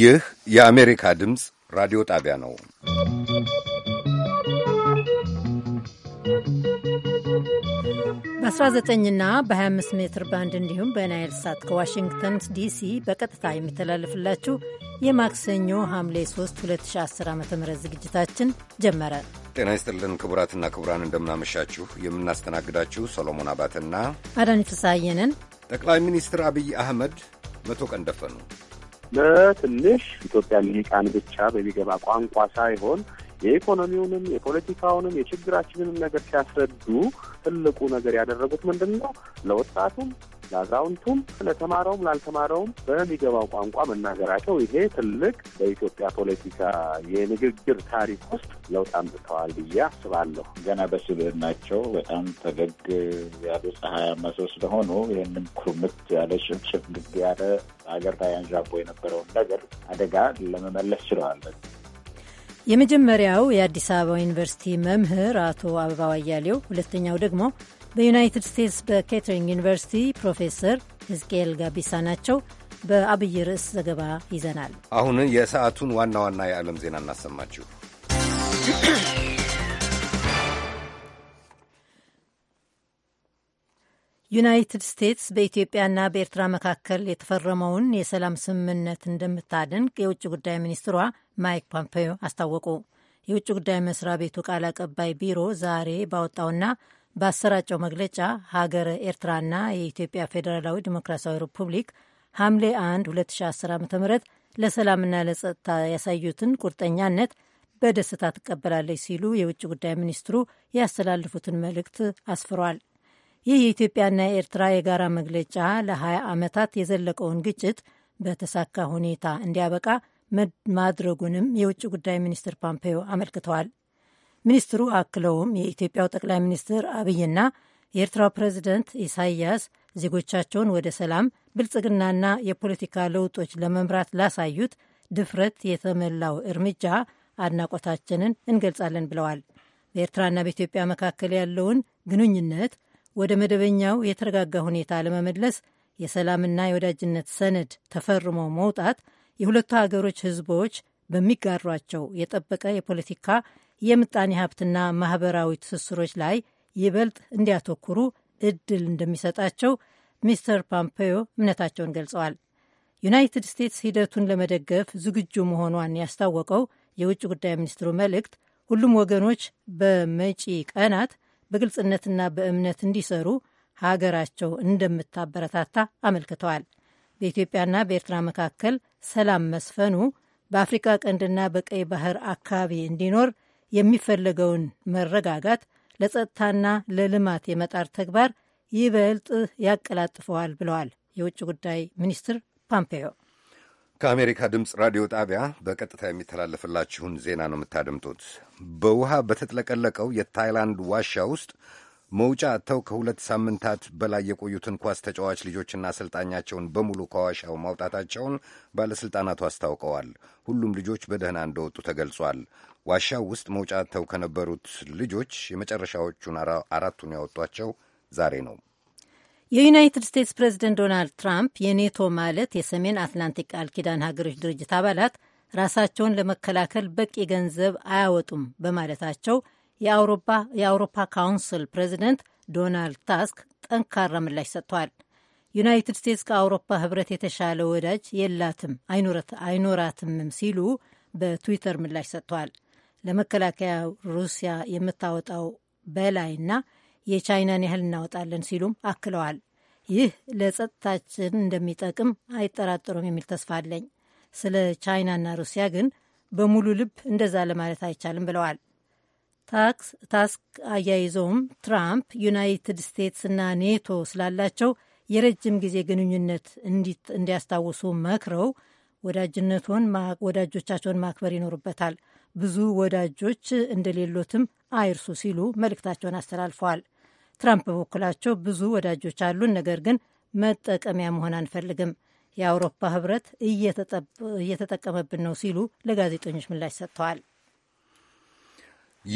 ይህ የአሜሪካ ድምፅ ራዲዮ ጣቢያ ነው። በ19ና በ25 ሜትር ባንድ እንዲሁም በናይል ሳት ከዋሽንግተን ዲሲ በቀጥታ የሚተላለፍላችሁ የማክሰኞ ሐምሌ 3 2010 ዓ ም ዝግጅታችን ጀመረ። ጤና ይስጥልን ክቡራትና ክቡራን፣ እንደምናመሻችሁ። የምናስተናግዳችሁ ሰሎሞን አባትና አዳኒ ፍስሐዬ ነን። ጠቅላይ ሚኒስትር አብይ አህመድ መቶ ቀን ደፈኑ። ለትንሽ ኢትዮጵያ ሊቃን ብቻ በሚገባ ቋንቋ ሳይሆን የኢኮኖሚውንም የፖለቲካውንም የችግራችንንም ነገር ሲያስረዱ ትልቁ ነገር ያደረጉት ምንድን ነው? ለወጣቱም ለአዛውንቱም ለተማረውም ላልተማረውም በሚገባው ቋንቋ መናገራቸው ይሄ ትልቅ በኢትዮጵያ ፖለቲካ የንግግር ታሪክ ውስጥ ለውጥ አምጥተዋል ብዬ አስባለሁ። ገና በስብዕናቸው በጣም ፈገግ ያሉ ፀሐያማ ሰው ስለሆኑ ይህንም ኩርምት ያለ ሽምሽምግግ ያለ ሀገር ላይ አንዣቦ የነበረውን ነገር አደጋ ለመመለስ ችለዋለን። የመጀመሪያው የአዲስ አበባ ዩኒቨርሲቲ መምህር አቶ አበባው አያሌው፣ ሁለተኛው ደግሞ በዩናይትድ ስቴትስ በኬተሪንግ ዩኒቨርሲቲ ፕሮፌሰር ህዝቅኤል ጋቢሳ ናቸው። በአብይ ርዕስ ዘገባ ይዘናል። አሁን የሰዓቱን ዋና ዋና የዓለም ዜና እናሰማችሁ። ዩናይትድ ስቴትስ በኢትዮጵያና በኤርትራ መካከል የተፈረመውን የሰላም ስምምነት እንደምታደንቅ የውጭ ጉዳይ ሚኒስትሯ ማይክ ፖምፔዮ አስታወቁ። የውጭ ጉዳይ መስሪያ ቤቱ ቃል አቀባይ ቢሮ ዛሬ ባወጣውና ባሰራጨው መግለጫ ሀገረ ኤርትራና የኢትዮጵያ ፌዴራላዊ ዲሞክራሲያዊ ሪፑብሊክ ሐምሌ 1 2010 ዓ ም ለሰላምና ለጸጥታ ያሳዩትን ቁርጠኛነት በደስታ ትቀበላለች ሲሉ የውጭ ጉዳይ ሚኒስትሩ ያስተላልፉትን መልእክት አስፍሯል። ይህ የኢትዮጵያና የኤርትራ የጋራ መግለጫ ለ20 ዓመታት የዘለቀውን ግጭት በተሳካ ሁኔታ እንዲያበቃ ማድረጉንም የውጭ ጉዳይ ሚኒስትር ፓምፔዮ አመልክተዋል። ሚኒስትሩ አክለውም የኢትዮጵያው ጠቅላይ ሚኒስትር አብይና የኤርትራው ፕሬዚደንት ኢሳይያስ ዜጎቻቸውን ወደ ሰላም ብልጽግናና የፖለቲካ ለውጦች ለመምራት ላሳዩት ድፍረት የተሞላው እርምጃ አድናቆታችንን እንገልጻለን ብለዋል። በኤርትራና በኢትዮጵያ መካከል ያለውን ግንኙነት ወደ መደበኛው የተረጋጋ ሁኔታ ለመመለስ የሰላምና የወዳጅነት ሰነድ ተፈርሞ መውጣት የሁለቱ ሀገሮች ሕዝቦች በሚጋሯቸው የጠበቀ የፖለቲካ የምጣኔ ሀብትና ማህበራዊ ትስስሮች ላይ ይበልጥ እንዲያተኩሩ እድል እንደሚሰጣቸው ሚስተር ፓምፔዮ እምነታቸውን ገልጸዋል። ዩናይትድ ስቴትስ ሂደቱን ለመደገፍ ዝግጁ መሆኗን ያስታወቀው የውጭ ጉዳይ ሚኒስትሩ መልእክት ሁሉም ወገኖች በመጪ ቀናት በግልጽነትና በእምነት እንዲሰሩ ሀገራቸው እንደምታበረታታ አመልክተዋል። በኢትዮጵያና በኤርትራ መካከል ሰላም መስፈኑ በአፍሪካ ቀንድና በቀይ ባህር አካባቢ እንዲኖር የሚፈለገውን መረጋጋት ለጸጥታና ለልማት የመጣር ተግባር ይበልጥ ያቀላጥፈዋል ብለዋል የውጭ ጉዳይ ሚኒስትር ፓምፔዮ። ከአሜሪካ ድምፅ ራዲዮ ጣቢያ በቀጥታ የሚተላለፍላችሁን ዜና ነው የምታደምጡት። በውሃ በተጥለቀለቀው የታይላንድ ዋሻ ውስጥ መውጫ አጥተው ከሁለት ሳምንታት በላይ የቆዩትን ኳስ ተጫዋች ልጆችና አሰልጣኛቸውን በሙሉ ከዋሻው ማውጣታቸውን ባለሥልጣናቱ አስታውቀዋል። ሁሉም ልጆች በደህና እንደወጡ ተገልጿል። ዋሻው ውስጥ መውጫ ተው ከነበሩት ልጆች የመጨረሻዎቹን አራቱን ያወጧቸው ዛሬ ነው። የዩናይትድ ስቴትስ ፕሬዚደንት ዶናልድ ትራምፕ የኔቶ ማለት የሰሜን አትላንቲክ ቃል ኪዳን ሀገሮች ድርጅት አባላት ራሳቸውን ለመከላከል በቂ ገንዘብ አያወጡም በማለታቸው የአውሮፓ ካውንስል ፕሬዚደንት ዶናልድ ታስክ ጠንካራ ምላሽ ሰጥተዋል። ዩናይትድ ስቴትስ ከአውሮፓ ህብረት የተሻለ ወዳጅ የላትም አይኖራትምም ሲሉ በትዊተር ምላሽ ሰጥተዋል። ለመከላከያ ሩሲያ የምታወጣው በላይና የቻይናን ያህል እናወጣለን ሲሉም አክለዋል። ይህ ለጸጥታችን እንደሚጠቅም አይጠራጠሩም የሚል ተስፋ አለኝ። ስለ ቻይናና ሩሲያ ግን በሙሉ ልብ እንደዛ ለማለት አይቻልም ብለዋል። ታክስ ታስክ አያይዘውም ትራምፕ ዩናይትድ ስቴትስ እና ኔቶ ስላላቸው የረጅም ጊዜ ግንኙነት እንዲያስታውሱ መክረው ወዳጅነቱን ወዳጆቻቸውን ማክበር ይኖርበታል። ብዙ ወዳጆች እንደሌሎትም አይርሱ ሲሉ መልእክታቸውን አስተላልፈዋል። ትራምፕ በበኩላቸው ብዙ ወዳጆች አሉን፣ ነገር ግን መጠቀሚያ መሆን አንፈልግም፣ የአውሮፓ ህብረት እየተጠቀመብን ነው ሲሉ ለጋዜጠኞች ምላሽ ሰጥተዋል።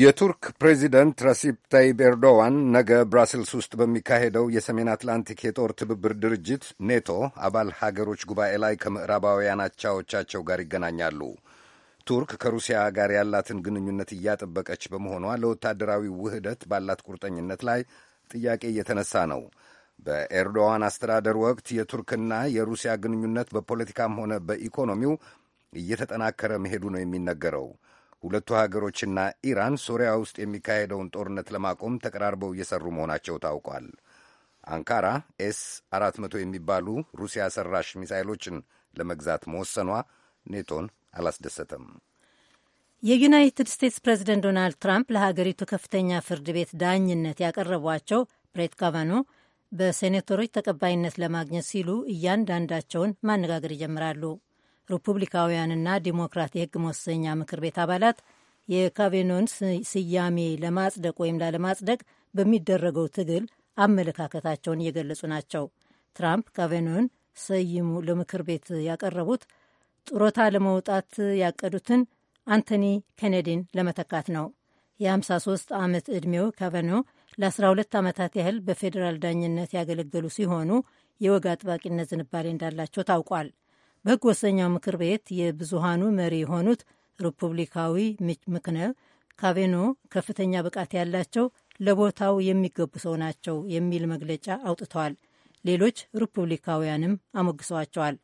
የቱርክ ፕሬዚደንት ረሲፕ ታይብ ኤርዶዋን ነገ ብራስልስ ውስጥ በሚካሄደው የሰሜን አትላንቲክ የጦር ትብብር ድርጅት ኔቶ አባል ሀገሮች ጉባኤ ላይ ከምዕራባውያን አቻዎቻቸው ጋር ይገናኛሉ። ቱርክ ከሩሲያ ጋር ያላትን ግንኙነት እያጠበቀች በመሆኗ ለወታደራዊ ውህደት ባላት ቁርጠኝነት ላይ ጥያቄ እየተነሳ ነው። በኤርዶዋን አስተዳደር ወቅት የቱርክና የሩሲያ ግንኙነት በፖለቲካም ሆነ በኢኮኖሚው እየተጠናከረ መሄዱ ነው የሚነገረው። ሁለቱ ሀገሮችና ኢራን ሶሪያ ውስጥ የሚካሄደውን ጦርነት ለማቆም ተቀራርበው እየሰሩ መሆናቸው ታውቋል። አንካራ ኤስ 400 የሚባሉ ሩሲያ ሰራሽ ሚሳይሎችን ለመግዛት መወሰኗ ኔቶን አላስደሰተም። የዩናይትድ ስቴትስ ፕሬዚደንት ዶናልድ ትራምፕ ለሀገሪቱ ከፍተኛ ፍርድ ቤት ዳኝነት ያቀረቧቸው ብሬት ካቫኖ በሴኔተሮች ተቀባይነት ለማግኘት ሲሉ እያንዳንዳቸውን ማነጋገር ይጀምራሉ። ሪፑብሊካውያንና ዲሞክራት የሕግ መወሰኛ ምክር ቤት አባላት የካቬኖን ስያሜ ለማጽደቅ ወይም ላለማጽደቅ በሚደረገው ትግል አመለካከታቸውን እየገለጹ ናቸው። ትራምፕ ካቬኖን ሰይሙ ለምክር ቤት ያቀረቡት ጡረታ ለመውጣት ያቀዱትን አንቶኒ ኬኔዲን ለመተካት ነው። የ53 ዓመት ዕድሜው ካቫኖ ለ12 ዓመታት ያህል በፌዴራል ዳኝነት ያገለገሉ ሲሆኑ የወግ አጥባቂነት ዝንባሌ እንዳላቸው ታውቋል። በሕግ ወሰኛው ምክር ቤት የብዙሃኑ መሪ የሆኑት ሪፑብሊካዊ ሚች ካቬኖ ከፍተኛ ብቃት ያላቸው ለቦታው የሚገቡ ሰው ናቸው የሚል መግለጫ አውጥተዋል። ሌሎች ሪፑብሊካውያንም አሞግሰዋቸዋል።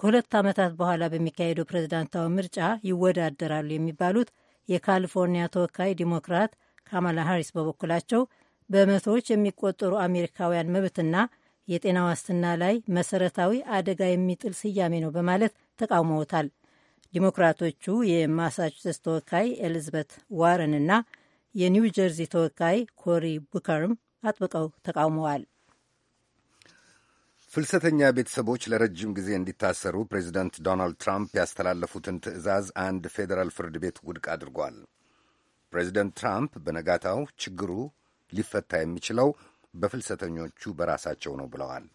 ከሁለት ዓመታት በኋላ በሚካሄደው ፕሬዝዳንታዊ ምርጫ ይወዳደራሉ የሚባሉት የካሊፎርኒያ ተወካይ ዲሞክራት ካማላ ሃሪስ በበኩላቸው በመቶዎች የሚቆጠሩ አሜሪካውያን መብትና የጤና ዋስትና ላይ መሰረታዊ አደጋ የሚጥል ስያሜ ነው በማለት ተቃውመውታል። ዲሞክራቶቹ የማሳቹሴትስ ተወካይ ኤሊዝበት እና የኒው ጀርዚ ተወካይ ኮሪ ቡከርም አጥብቀው ተቃውመዋል። ፍልሰተኛ ቤተሰቦች ለረጅም ጊዜ እንዲታሰሩ ፕሬዚደንት ዶናልድ ትራምፕ ያስተላለፉትን ትዕዛዝ አንድ ፌዴራል ፍርድ ቤት ውድቅ አድርጓል። ፕሬዚደንት ትራምፕ በነጋታው ችግሩ ሊፈታ የሚችለው በፍልሰተኞቹ በራሳቸው ነው ብለዋል።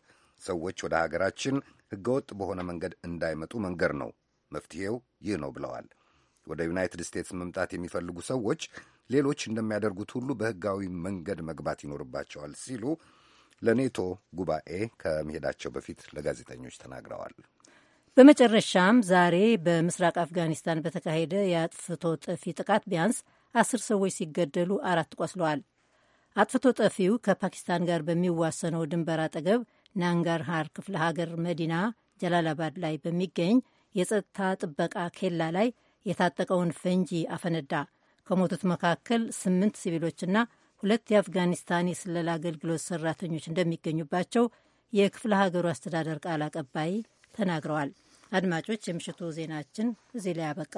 ሰዎች ወደ ሀገራችን ሕገወጥ በሆነ መንገድ እንዳይመጡ መንገድ ነው መፍትሔው ይህ ነው ብለዋል። ወደ ዩናይትድ ስቴትስ መምጣት የሚፈልጉ ሰዎች ሌሎች እንደሚያደርጉት ሁሉ በሕጋዊ መንገድ መግባት ይኖርባቸዋል ሲሉ ለኔቶ ጉባኤ ከመሄዳቸው በፊት ለጋዜጠኞች ተናግረዋል። በመጨረሻም ዛሬ በምስራቅ አፍጋኒስታን በተካሄደ የአጥፍቶ ጠፊ ጥቃት ቢያንስ አስር ሰዎች ሲገደሉ አራት ቆስለዋል። አጥፍቶ ጠፊው ከፓኪስታን ጋር በሚዋሰነው ድንበር አጠገብ ናንጋርሃር ክፍለ ሀገር መዲና ጀላላባድ ላይ በሚገኝ የጸጥታ ጥበቃ ኬላ ላይ የታጠቀውን ፈንጂ አፈነዳ። ከሞቱት መካከል ስምንት ሲቪሎችና ሁለት የአፍጋኒስታን የስለላ አገልግሎት ሰራተኞች እንደሚገኙባቸው የክፍለ ሀገሩ አስተዳደር ቃል አቀባይ ተናግረዋል። አድማጮች፣ የምሽቱ ዜናችን እዚህ ላይ አበቃ።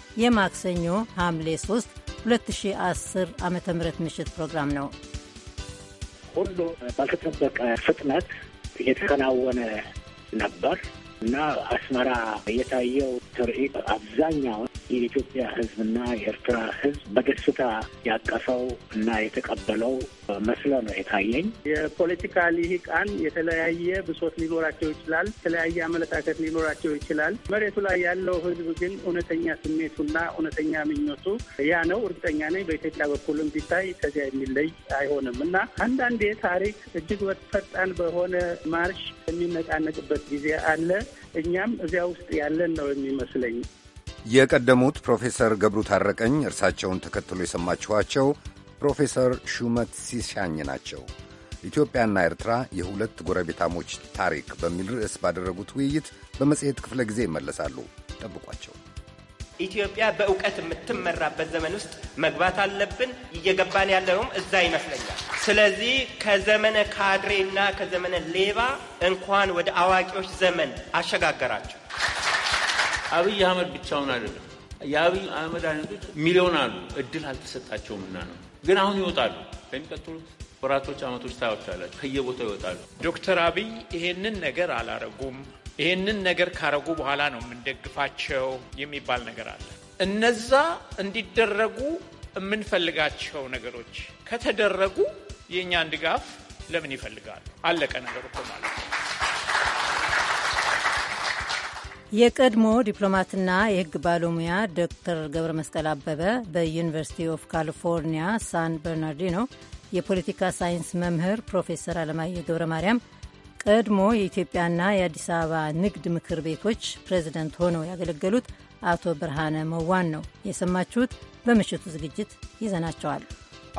የማክሰኞ ሐምሌ 3 2010 ዓ ም ምሽት ፕሮግራም ነው። ሁሉ ባልተጠበቀ ፍጥነት እየተከናወነ ነበር እና አስመራ የታየው ትርኢት አብዛኛውን የኢትዮጵያ ሕዝብና የኤርትራ ሕዝብ በደስታ ያቀፈው እና የተቀበለው መስለ ነው የታየኝ። የፖለቲካ ልሂቃን የተለያየ ብሶት ሊኖራቸው ይችላል፣ የተለያየ አመለካከት ሊኖራቸው ይችላል። መሬቱ ላይ ያለው ህዝብ ግን እውነተኛ ስሜቱና እውነተኛ ምኞቱ ያ ነው። እርግጠኛ ነኝ በኢትዮጵያ በኩልም ቢታይ ከዚያ የሚለይ አይሆንም እና አንዳንዴ ታሪክ እጅግ ፈጣን በሆነ ማርሽ የሚነቃነቅበት ጊዜ አለ። እኛም እዚያ ውስጥ ያለን ነው የሚመስለኝ። የቀደሙት ፕሮፌሰር ገብሩ ታረቀኝ እርሳቸውን ተከትሎ የሰማችኋቸው ፕሮፌሰር ሹመት ሲሻኝ ናቸው። ኢትዮጵያና ኤርትራ የሁለት ጎረቤታሞች ታሪክ በሚል ርዕስ ባደረጉት ውይይት በመጽሔት ክፍለ ጊዜ ይመለሳሉ። ጠብቋቸው። ኢትዮጵያ በእውቀት የምትመራበት ዘመን ውስጥ መግባት አለብን። እየገባን ያለውም እዛ ይመስለኛል። ስለዚህ ከዘመነ ካድሬ ና ከዘመነ ሌባ እንኳን ወደ አዋቂዎች ዘመን አሸጋገራቸው። አብይ አህመድ ብቻውን አይደለም። የአብይ አህመድ አይነቶች ሚሊዮን አሉ። እድል አልተሰጣቸውምና ነው ግን አሁን ይወጣሉ። ከሚቀጥሉት ወራቶች፣ ዓመቶች ታያቸዋላችሁ። ከየቦታው ይወጣሉ። ዶክተር አብይ ይሄንን ነገር አላረጉም፣ ይሄንን ነገር ካረጉ በኋላ ነው የምንደግፋቸው የሚባል ነገር አለ። እነዛ እንዲደረጉ የምንፈልጋቸው ነገሮች ከተደረጉ የእኛን ድጋፍ ለምን ይፈልጋሉ? አለቀ ነገር እኮ ማለት የቀድሞ ዲፕሎማትና የሕግ ባለሙያ ዶክተር ገብረ መስቀል አበበ በዩኒቨርሲቲ ኦፍ ካሊፎርኒያ ሳን በርናርዲኖ የፖለቲካ ሳይንስ መምህር ፕሮፌሰር አለማየሁ ገብረ ማርያም ቀድሞ የኢትዮጵያና የአዲስ አበባ ንግድ ምክር ቤቶች ፕሬዚደንት ሆነው ያገለገሉት አቶ ብርሃነ መዋን ነው የሰማችሁት። በምሽቱ ዝግጅት ይዘናቸዋል።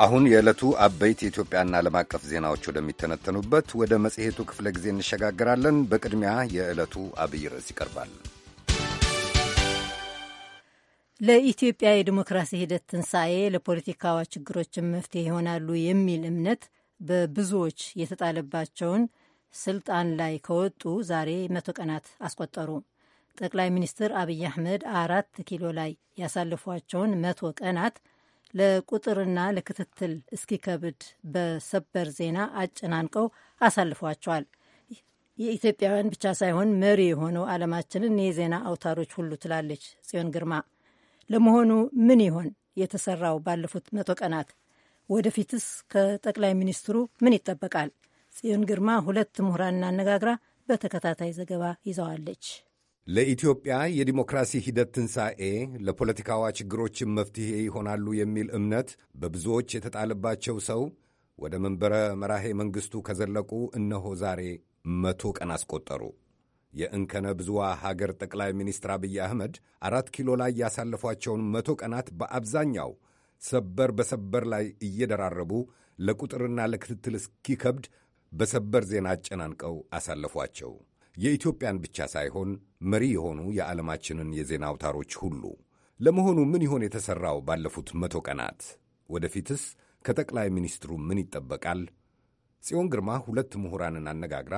አሁን የዕለቱ አበይት የኢትዮጵያና ዓለም አቀፍ ዜናዎች ወደሚተነተኑበት ወደ መጽሔቱ ክፍለ ጊዜ እንሸጋግራለን። በቅድሚያ የዕለቱ አብይ ርዕስ ይቀርባል። ለኢትዮጵያ የዲሞክራሲ ሂደት ትንሣኤ ለፖለቲካዋ ችግሮችን መፍትሄ ይሆናሉ የሚል እምነት በብዙዎች የተጣለባቸውን ስልጣን ላይ ከወጡ ዛሬ መቶ ቀናት አስቆጠሩ። ጠቅላይ ሚኒስትር አብይ አህመድ አራት ኪሎ ላይ ያሳለፏቸውን መቶ ቀናት ለቁጥርና ለክትትል እስኪከብድ በሰበር ዜና አጨናንቀው አሳልፏቸዋል። የኢትዮጵያውያን ብቻ ሳይሆን መሪ የሆነው ዓለማችንን የዜና አውታሮች ሁሉ ትላለች ጽዮን ግርማ። ለመሆኑ ምን ይሆን የተሰራው ባለፉት መቶ ቀናት? ወደፊትስ ከጠቅላይ ሚኒስትሩ ምን ይጠበቃል? ጽዮን ግርማ ሁለት ምሁራንን አነጋግራ በተከታታይ ዘገባ ይዘዋለች። ለኢትዮጵያ የዲሞክራሲ ሂደት ትንሣኤ ለፖለቲካዋ ችግሮችም መፍትሔ ይሆናሉ የሚል እምነት በብዙዎች የተጣለባቸው ሰው ወደ መንበረ መራሄ መንግሥቱ ከዘለቁ እነሆ ዛሬ መቶ ቀን አስቆጠሩ። የእንከነ ብዙዋ ሀገር ጠቅላይ ሚኒስትር አብይ አህመድ አራት ኪሎ ላይ ያሳለፏቸውን መቶ ቀናት በአብዛኛው ሰበር በሰበር ላይ እየደራረቡ ለቁጥርና ለክትትል እስኪከብድ በሰበር ዜና አጨናንቀው አሳለፏቸው። የኢትዮጵያን ብቻ ሳይሆን መሪ የሆኑ የዓለማችንን የዜና አውታሮች ሁሉ። ለመሆኑ ምን ይሆን የተሠራው ባለፉት መቶ ቀናት? ወደፊትስ ከጠቅላይ ሚኒስትሩ ምን ይጠበቃል? ጽዮን ግርማ ሁለት ምሁራንን አነጋግራ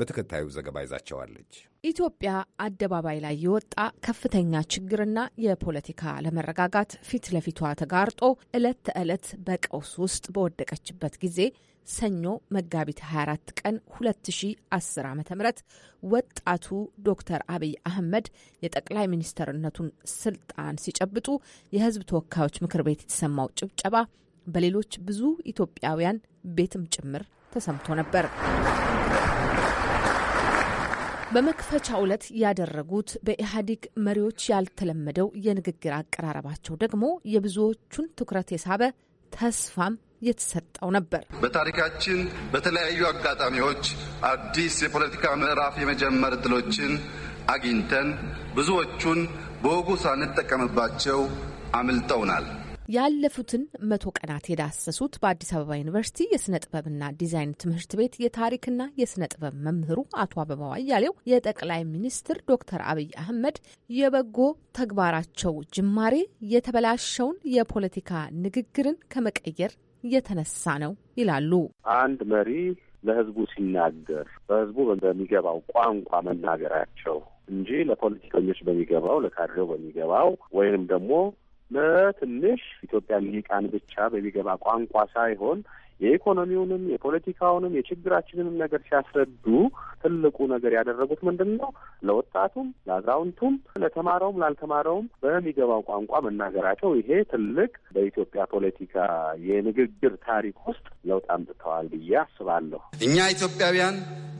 በተከታዩ ዘገባ ይዛቸዋለች። ኢትዮጵያ አደባባይ ላይ የወጣ ከፍተኛ ችግርና የፖለቲካ አለመረጋጋት ፊት ለፊቷ ተጋርጦ ዕለት ተዕለት በቀውስ ውስጥ በወደቀችበት ጊዜ ሰኞ መጋቢት 24 ቀን 2010 ዓ ም ወጣቱ ዶክተር አብይ አህመድ የጠቅላይ ሚኒስትርነቱን ስልጣን ሲጨብጡ የህዝብ ተወካዮች ምክር ቤት የተሰማው ጭብጨባ በሌሎች ብዙ ኢትዮጵያውያን ቤትም ጭምር ተሰምቶ ነበር። በመክፈቻ ዕለት ያደረጉት በኢህአዴግ መሪዎች ያልተለመደው የንግግር አቀራረባቸው ደግሞ የብዙዎቹን ትኩረት የሳበ ተስፋም የተሰጠው ነበር። በታሪካችን በተለያዩ አጋጣሚዎች አዲስ የፖለቲካ ምዕራፍ የመጀመር እድሎችን አግኝተን ብዙዎቹን በወጉ ሳንጠቀምባቸው አምልጠውናል። ያለፉትን መቶ ቀናት የዳሰሱት በአዲስ አበባ ዩኒቨርሲቲ የስነ ጥበብና ዲዛይን ትምህርት ቤት የታሪክና የስነ ጥበብ መምህሩ አቶ አበባው አያሌው የጠቅላይ ሚኒስትር ዶክተር አብይ አህመድ የበጎ ተግባራቸው ጅማሬ የተበላሸውን የፖለቲካ ንግግርን ከመቀየር የተነሳ ነው ይላሉ። አንድ መሪ ለህዝቡ ሲናገር በህዝቡ በሚገባው ቋንቋ መናገራቸው እንጂ ለፖለቲከኞች በሚገባው ለካድሬው በሚገባው ወይንም ደግሞ በትንሽ ኢትዮጵያ ሊቃን ብቻ በሚገባ ቋንቋ ሳይሆን የኢኮኖሚውንም የፖለቲካውንም የችግራችንንም ነገር ሲያስረዱ ትልቁ ነገር ያደረጉት ምንድን ነው? ለወጣቱም፣ ለአዛውንቱም፣ ለተማረውም ላልተማረውም በሚገባው ቋንቋ መናገራቸው ይሄ ትልቅ በኢትዮጵያ ፖለቲካ የንግግር ታሪክ ውስጥ ለውጥ አምጥተዋል ብዬ አስባለሁ። እኛ ኢትዮጵያውያን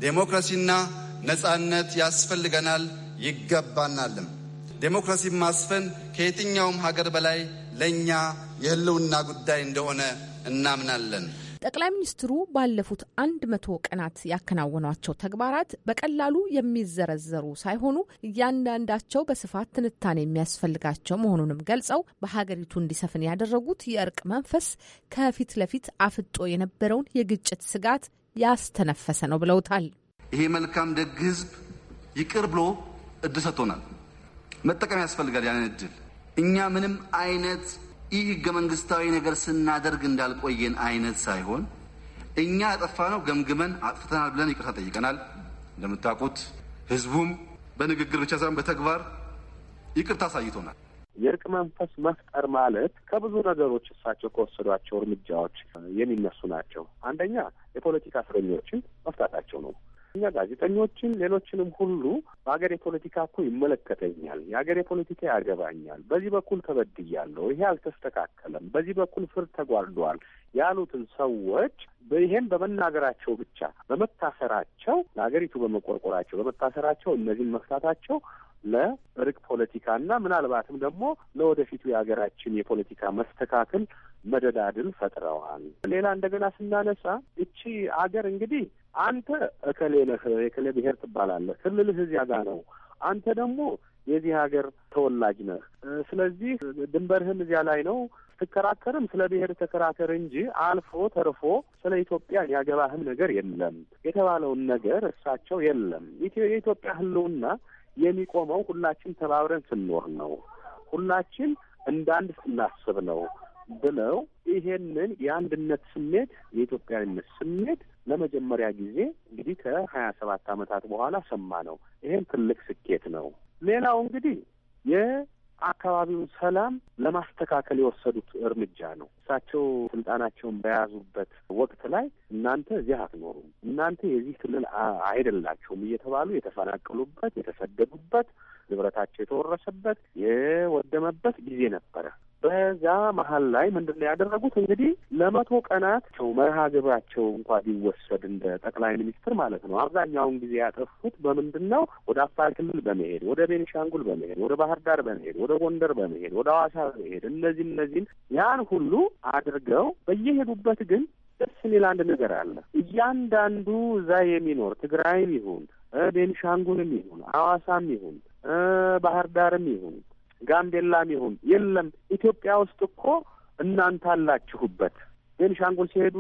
ዴሞክራሲና ነጻነት ያስፈልገናል ይገባናልም። ዴሞክራሲን ማስፈን ከየትኛውም ሀገር በላይ ለእኛ የህልውና ጉዳይ እንደሆነ እናምናለን። ጠቅላይ ሚኒስትሩ ባለፉት አንድ መቶ ቀናት ያከናወኗቸው ተግባራት በቀላሉ የሚዘረዘሩ ሳይሆኑ እያንዳንዳቸው በስፋት ትንታኔ የሚያስፈልጋቸው መሆኑንም ገልጸው በሀገሪቱ እንዲሰፍን ያደረጉት የእርቅ መንፈስ ከፊት ለፊት አፍጦ የነበረውን የግጭት ስጋት ያስተነፈሰ ነው ብለውታል። ይሄ መልካም ደግ ህዝብ ይቅር ብሎ እድሰቶናል መጠቀም ያስፈልጋል። ያንን እድል እኛ ምንም አይነት ይህ ህገ መንግስታዊ ነገር ስናደርግ እንዳልቆየን አይነት ሳይሆን እኛ ያጠፋነው ገምግመን አጥፍተናል ብለን ይቅርታ ጠይቀናል። እንደምታውቁት ህዝቡም በንግግር ብቻ ሳይሆን በተግባር ይቅርታ አሳይቶናል። የእርቅ መንፈስ መፍጠር ማለት ከብዙ ነገሮች እሳቸው ከወሰዷቸው እርምጃዎች የሚነሱ ናቸው። አንደኛ የፖለቲካ እስረኞችን መፍታታቸው ነው። እኛ ጋዜጠኞችን፣ ሌሎችንም ሁሉ በሀገር የፖለቲካ እኮ ይመለከተኛል፣ የሀገር የፖለቲካ ያገባኛል፣ በዚህ በኩል ተበድያለሁ፣ ይሄ አልተስተካከለም፣ በዚህ በኩል ፍርድ ተጓድሏል፣ ያሉትን ሰዎች ይሄን በመናገራቸው ብቻ በመታሰራቸው ለሀገሪቱ በመቆርቆራቸው በመታሰራቸው እነዚህን መፍታታቸው ለእርቅ ፖለቲካና ምናልባትም ደግሞ ለወደፊቱ የሀገራችን የፖለቲካ መስተካከል መደዳድል ፈጥረዋል። ሌላ እንደገና ስናነሳ እቺ አገር እንግዲህ አንተ እከሌ ነህ፣ የከሌ ብሔር ትባላለህ፣ ክልልህ እዚያ ጋ ነው፣ አንተ ደግሞ የዚህ ሀገር ተወላጅ ነህ፣ ስለዚህ ድንበርህም እዚያ ላይ ነው፣ ስትከራከርም ስለ ብሔር ተከራከር እንጂ አልፎ ተርፎ ስለ ኢትዮጵያ ያገባህም ነገር የለም የተባለውን ነገር እሳቸው የለም። የኢትዮጵያ ህልውና የሚቆመው ሁላችን ተባብረን ስንኖር ነው፣ ሁላችን እንዳንድ ስናስብ ነው ብለው ይሄንን የአንድነት ስሜት የኢትዮጵያዊነት ስሜት ለመጀመሪያ ጊዜ እንግዲህ ከሀያ ሰባት ዓመታት በኋላ ሰማ ነው። ይሄም ትልቅ ስኬት ነው። ሌላው እንግዲህ አካባቢውን ሰላም ለማስተካከል የወሰዱት እርምጃ ነው። እሳቸው ስልጣናቸውን በያዙበት ወቅት ላይ እናንተ እዚህ አትኖሩም፣ እናንተ የዚህ ክልል አይደላችሁም እየተባሉ የተፈናቀሉበት የተሰደዱበት ንብረታቸው የተወረሰበት የወደመበት ጊዜ ነበረ። በዛ መሀል ላይ ምንድን ነው ያደረጉት? እንግዲህ ለመቶ ቀናት መርሃ ግብራቸው እንኳ ቢወሰድ እንደ ጠቅላይ ሚኒስትር ማለት ነው አብዛኛውን ጊዜ ያጠፉት በምንድን ነው? ወደ አፋር ክልል በመሄድ ወደ ቤኒሻንጉል በመሄድ ወደ ባህር ዳር በመሄድ ወደ ጎንደር በመሄድ ወደ አዋሳ በመሄድ እነዚህ እነዚህን ያን ሁሉ አድርገው በየሄዱበት ግን ደስ የሚል አንድ ነገር አለ። እያንዳንዱ እዛ የሚኖር ትግራይም ይሁን ቤኒሻንጉልም ይሁን አዋሳም ይሁን ባህር ዳርም ይሁን ጋምቤላም ይሁን የለም ኢትዮጵያ ውስጥ እኮ እናንተ አላችሁበት። ቤንሻንጉል ሲሄዱ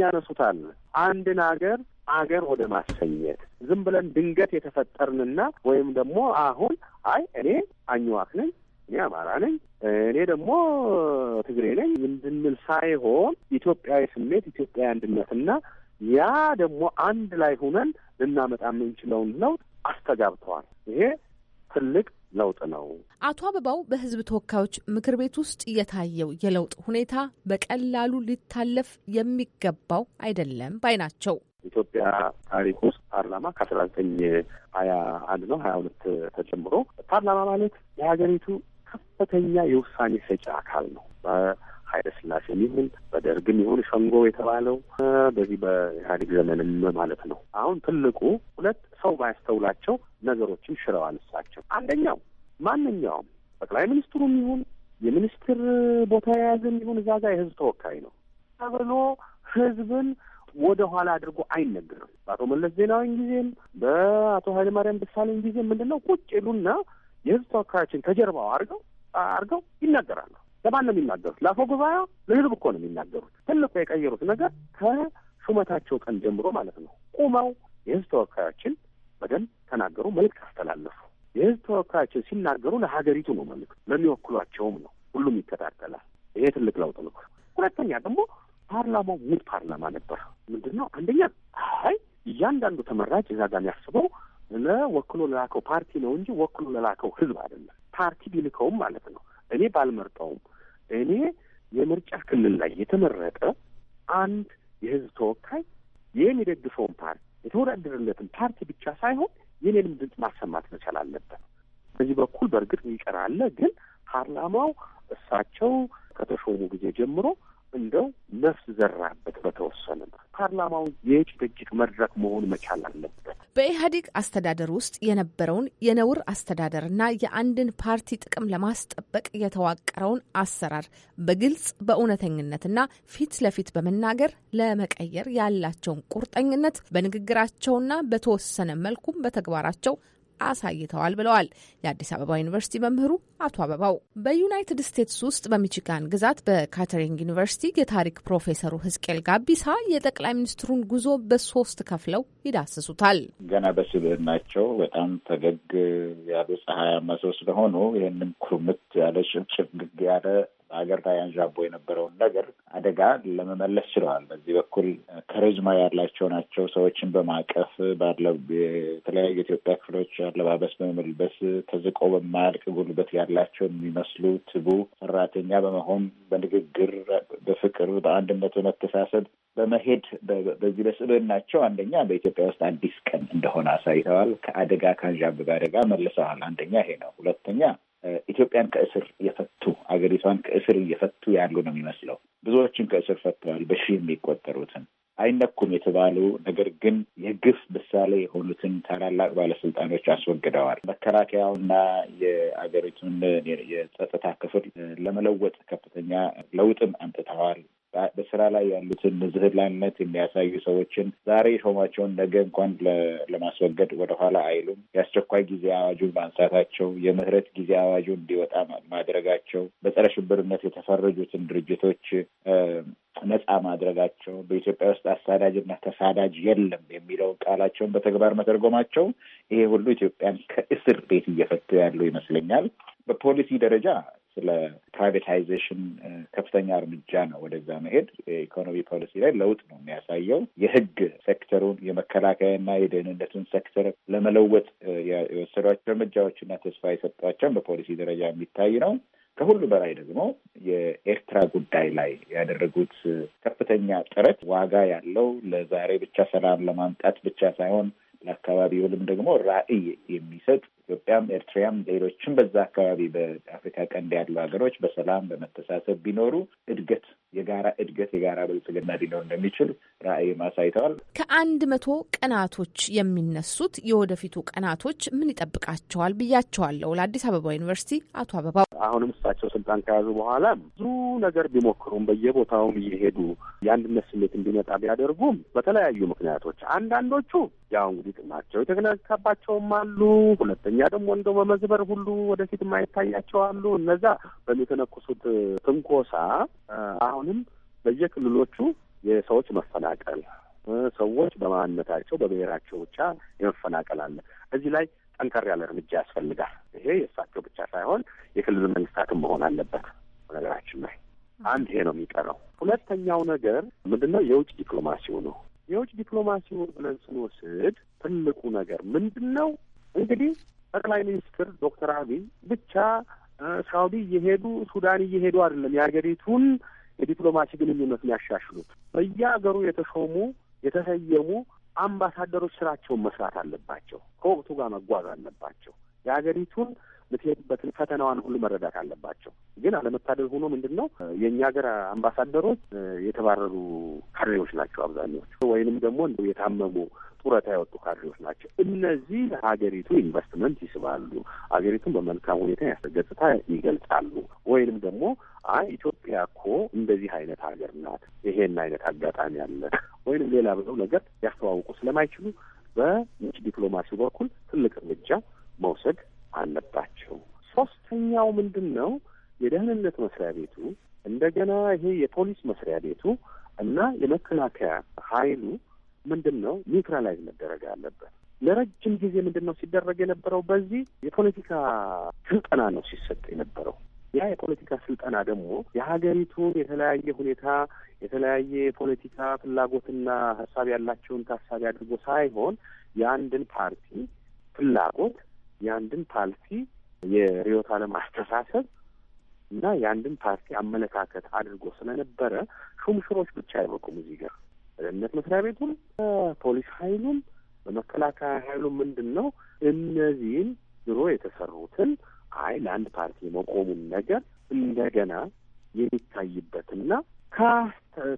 ያነሱታል አንድን አገር አገር ወደ ማሰኘት ዝም ብለን ድንገት የተፈጠርንና ወይም ደግሞ አሁን አይ እኔ አኝዋክ ነኝ እኔ አማራ ነኝ እኔ ደግሞ ትግሬ ነኝ እንድንል ሳይሆን ኢትዮጵያዊ ስሜት ኢትዮጵያዊ አንድነትና ያ ደግሞ አንድ ላይ ሁነን ልናመጣ የምንችለውን ለውጥ አስተጋብተዋል። ይሄ ትልቅ ለውጥ ነው። አቶ አበባው በህዝብ ተወካዮች ምክር ቤት ውስጥ የታየው የለውጥ ሁኔታ በቀላሉ ሊታለፍ የሚገባው አይደለም ባይ ናቸው። ኢትዮጵያ ታሪክ ውስጥ ፓርላማ ከአስራ ዘጠኝ ሀያ አንድ ነው ሀያ ሁለት ተጨምሮ ፓርላማ ማለት የሀገሪቱ ከፍተኛ የውሳኔ ሰጪ አካል ነው። ኃይለ ሥላሴም ይሁን በደርግም ይሁን ሸንጎ የተባለው በዚህ በኢህአዴግ ዘመንም ማለት ነው። አሁን ትልቁ ሁለት ሰው ባያስተውላቸው ነገሮችን ሽረዋል እሳቸው። አንደኛው ማንኛውም ጠቅላይ ሚኒስትሩም ይሁን የሚኒስትር ቦታ የያዘም ይሁን እዛ የህዝብ ተወካይ ነው ተብሎ ህዝብን ወደ ኋላ አድርጎ አይነገርም። በአቶ መለስ ዜናዊን ጊዜም በአቶ ኃይለማርያም ደሳለኝ ጊዜም ምንድን ነው ቁጭ ይሉና የህዝብ ተወካዮችን ከጀርባው አርገው አርገው ይናገራሉ። ለማን ነው የሚናገሩት? ለአፈ ጉባኤው ለህዝብ እኮ ነው የሚናገሩት። ትልቁ የቀየሩት ነገር ከሹመታቸው ቀን ጀምሮ ማለት ነው ቁመው የህዝብ ተወካዮችን በደንብ ተናገሩ፣ መልእክት አስተላለፉ። የህዝብ ተወካዮችን ሲናገሩ ለሀገሪቱ ነው መልእክት፣ ለሚወክሏቸውም ነው። ሁሉም ይከታተላል። ይሄ ትልቅ ለውጥ ነው። ሁለተኛ ደግሞ ፓርላማው ውድ ፓርላማ ነበር። ምንድን ነው አንደኛ አይ እያንዳንዱ ተመራጭ እዛ ጋር የሚያስበው ለወክሎ ለላከው ፓርቲ ነው እንጂ ወክሎ ለላከው ህዝብ አይደለም። ፓርቲ ቢልከውም ማለት ነው እኔ ባልመርጠውም እኔ የምርጫ ክልል ላይ የተመረጠ አንድ የህዝብ ተወካይ ይህን የደግፈውን ፓርቲ የተወዳደረለትን ፓርቲ ብቻ ሳይሆን የኔንም ድምፅ ማሰማት መቻል አለበት። በዚህ በኩል በእርግጥ ይቀራለ፣ ግን ፓርላማው እሳቸው ከተሾሙ ጊዜ ጀምሮ እንደው ነፍስ ዘራበት በተወሰነ ፓርላማው የእጅ መድረክ መሆን መቻል አለበት። በኢህአዴግ አስተዳደር ውስጥ የነበረውን የነውር አስተዳደርና የአንድን ፓርቲ ጥቅም ለማስጠበቅ የተዋቀረውን አሰራር በግልጽ በእውነተኝነትና ፊት ለፊት በመናገር ለመቀየር ያላቸውን ቁርጠኝነት በንግግራቸውና በተወሰነ መልኩም በተግባራቸው አሳይተዋል ብለዋል የአዲስ አበባ ዩኒቨርሲቲ መምህሩ አቶ አበባው። በዩናይትድ ስቴትስ ውስጥ በሚችጋን ግዛት በካተሪንግ ዩኒቨርሲቲ የታሪክ ፕሮፌሰሩ ህዝቅኤል ጋቢሳ የጠቅላይ ሚኒስትሩን ጉዞ በሶስት ከፍለው ይዳስሱታል። ገና በስብዕናቸው በጣም ፈገግ ያሉ ፀሐያማ ሰው ስለሆኑ ይህንም ኩርምት ያለ ሽብሽብግግ ያለ በሀገር ላይ አንዣቦ የነበረውን ነገር አደጋ ለመመለስ ችለዋል። በዚህ በኩል ከሪዝማ ያላቸው ናቸው። ሰዎችን በማቀፍ የተለያዩ የኢትዮጵያ ክፍሎች አለባበስ በመመልበስ ተዝቆ በማያልቅ ጉልበት ያላቸው የሚመስሉ ትቡ ሰራተኛ በመሆን በንግግር፣ በፍቅር፣ በአንድነት፣ በመተሳሰብ በመሄድ በዚህ በስብዕናቸው አንደኛ በኢትዮጵያ ውስጥ አዲስ ቀን እንደሆነ አሳይተዋል። ከአደጋ ከአንዣበበ አደጋ መልሰዋል። አንደኛ ይሄ ነው። ሁለተኛ ኢትዮጵያን ከእስር የፈቱ አገሪቷን ከእስር እየፈቱ ያሉ ነው የሚመስለው። ብዙዎችን ከእስር ፈተዋል፣ በሺ የሚቆጠሩትን አይነኩም የተባሉ ነገር ግን የግፍ ምሳሌ የሆኑትን ታላላቅ ባለስልጣኖች አስወግደዋል። መከላከያውና የአገሪቱን የጸጥታ ክፍል ለመለወጥ ከፍተኛ ለውጥም አምጥተዋል። በስራ ላይ ያሉትን ዝህላነት የሚያሳዩ ሰዎችን ዛሬ ሾማቸውን ነገ እንኳን ለማስወገድ ወደኋላ አይሉም። የአስቸኳይ ጊዜ አዋጁን ማንሳታቸው፣ የምህረት ጊዜ አዋጁ እንዲወጣ ማድረጋቸው፣ በጸረ ሽብርነት የተፈረጁትን ድርጅቶች ነጻ ማድረጋቸው በኢትዮጵያ ውስጥ አሳዳጅና ተሳዳጅ የለም የሚለው ቃላቸውን በተግባር መተርጎማቸው ይሄ ሁሉ ኢትዮጵያን ከእስር ቤት እየፈቱ ያሉ ይመስለኛል። በፖሊሲ ደረጃ ስለ ፕራይቬታይዜሽን ከፍተኛ እርምጃ ነው ወደዛ መሄድ። የኢኮኖሚ ፖሊሲ ላይ ለውጥ ነው የሚያሳየው። የህግ ሴክተሩን የመከላከያና የደህንነቱን ሴክተር ለመለወጥ የወሰዷቸው እርምጃዎችና ተስፋ የሰጧቸውን በፖሊሲ ደረጃ የሚታይ ነው። ከሁሉ በላይ ደግሞ የኤርትራ ጉዳይ ላይ ያደረጉት ከፍተኛ ጥረት ዋጋ ያለው ለዛሬ ብቻ ሰላም ለማምጣት ብቻ ሳይሆን ለአካባቢውም ደግሞ ራዕይ የሚሰጥ ኢትዮጵያም ኤርትራያም ሌሎችም በዛ አካባቢ በአፍሪካ ቀንድ ያሉ ሀገሮች በሰላም በመተሳሰብ ቢኖሩ እድገት የጋራ እድገት የጋራ ብልጽግና ሊኖር እንደሚችል ራዕይ አሳይተዋል። ከአንድ መቶ ቀናቶች የሚነሱት የወደፊቱ ቀናቶች ምን ይጠብቃቸዋል ብያቸዋለሁ ለአዲስ አበባ ዩኒቨርሲቲ አቶ አበባ አሁንም እሳቸው ስልጣን ከያዙ በኋላ ብዙ ነገር ቢሞክሩም በየቦታውም እየሄዱ የአንድነት ስሜት እንዲመጣ ቢያደርጉም በተለያዩ ምክንያቶች አንዳንዶቹ ያው ናቸው የተነካባቸውም አሉ። ሁለተኛ ደግሞ እንደው በመዝበር ሁሉ ወደፊት የማይታያቸው አሉ። እነዛ በሚተነኩሱት ትንኮሳ አሁንም በየክልሎቹ የሰዎች መፈናቀል፣ ሰዎች በማንነታቸው በብሔራቸው ብቻ የመፈናቀል አለ። እዚህ ላይ ጠንከር ያለ እርምጃ ያስፈልጋል። ይሄ የእሳቸው ብቻ ሳይሆን የክልል መንግስታትም መሆን አለበት። በነገራችን ላይ አንድ ይሄ ነው የሚቀረው። ሁለተኛው ነገር ምንድን ነው? የውጭ ዲፕሎማሲው ነው። የውጭ ዲፕሎማሲውን ብለን ስንወስድ ትልቁ ነገር ምንድን ነው? እንግዲህ ጠቅላይ ሚኒስትር ዶክተር አብይ ብቻ ሳውዲ እየሄዱ ሱዳን እየሄዱ አይደለም የሀገሪቱን የዲፕሎማሲ ግንኙነት የሚያሻሽሉት በየሀገሩ የተሾሙ የተሰየሙ አምባሳደሮች ስራቸውን መስራት አለባቸው። ከወቅቱ ጋር መጓዝ አለባቸው። የሀገሪቱን የምትሄድበትን ፈተናዋን ሁሉ መረዳት አለባቸው። ግን አለመታደል ሆኖ ምንድን ነው የእኛ ሀገር አምባሳደሮች የተባረሩ ካድሬዎች ናቸው አብዛኛዎቹ፣ ወይንም ደግሞ የታመሙ ጡረታ ያወጡ ካድሬዎች ናቸው። እነዚህ ለሀገሪቱ ኢንቨስትመንት ይስባሉ፣ ሀገሪቱን በመልካም ሁኔታ ያስገጽታ ይገልጻሉ። ወይንም ደግሞ አይ ኢትዮጵያ እኮ እንደዚህ አይነት ሀገር ናት፣ ይሄን አይነት አጋጣሚ አለ ወይንም ሌላ ብለው ነገር ሊያስተዋውቁ ስለማይችሉ በውጭ ዲፕሎማሲው በኩል ትልቅ እርምጃ መውሰድ አለባቸው። ሶስተኛው ምንድን ነው? የደህንነት መስሪያ ቤቱ እንደገና ይሄ የፖሊስ መስሪያ ቤቱ እና የመከላከያ ኃይሉ ምንድን ነው ኒውትራላይዝ መደረግ አለበት። ለረጅም ጊዜ ምንድን ነው ሲደረግ የነበረው? በዚህ የፖለቲካ ስልጠና ነው ሲሰጥ የነበረው። ያ የፖለቲካ ስልጠና ደግሞ የሀገሪቱን የተለያየ ሁኔታ የተለያየ የፖለቲካ ፍላጎትና ሀሳብ ያላቸውን ታሳቢ አድርጎ ሳይሆን የአንድን ፓርቲ ፍላጎት የአንድን ፓርቲ የርዕዮተ ዓለም አስተሳሰብ እና የአንድን ፓርቲ አመለካከት አድርጎ ስለነበረ ሹምሽሮች ብቻ አይበቁም። እዚህ ጋር በደህንነት መስሪያ ቤቱም በፖሊስ ኃይሉም በመከላከያ ኃይሉ ምንድን ነው እነዚህን ድሮ የተሰሩትን አይ ለአንድ ፓርቲ የመቆሙን ነገር እንደገና የሚታይበትና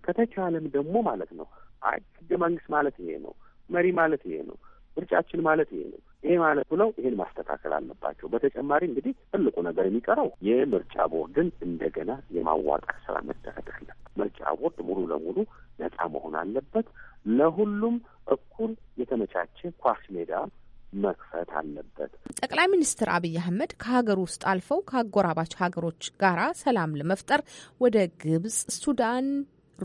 ከተቻለም ደግሞ ማለት ነው አይ ህገ መንግስት ማለት ይሄ ነው፣ መሪ ማለት ይሄ ነው፣ ምርጫችን ማለት ይሄ ነው ይሄ ማለት ብለው ይሄን ማስተካከል አለባቸው። በተጨማሪ እንግዲህ ትልቁ ነገር የሚቀረው የምርጫ ቦርድን እንደገና የማዋቀር ስራ መደረግ አለበት። ምርጫ ቦርድ ሙሉ ለሙሉ ነጻ መሆን አለበት። ለሁሉም እኩል የተመቻቸ ኳስ ሜዳ መክፈት አለበት። ጠቅላይ ሚኒስትር አብይ አህመድ ከሀገር ውስጥ አልፈው ከአጎራባች ሀገሮች ጋራ ሰላም ለመፍጠር ወደ ግብጽ፣ ሱዳን፣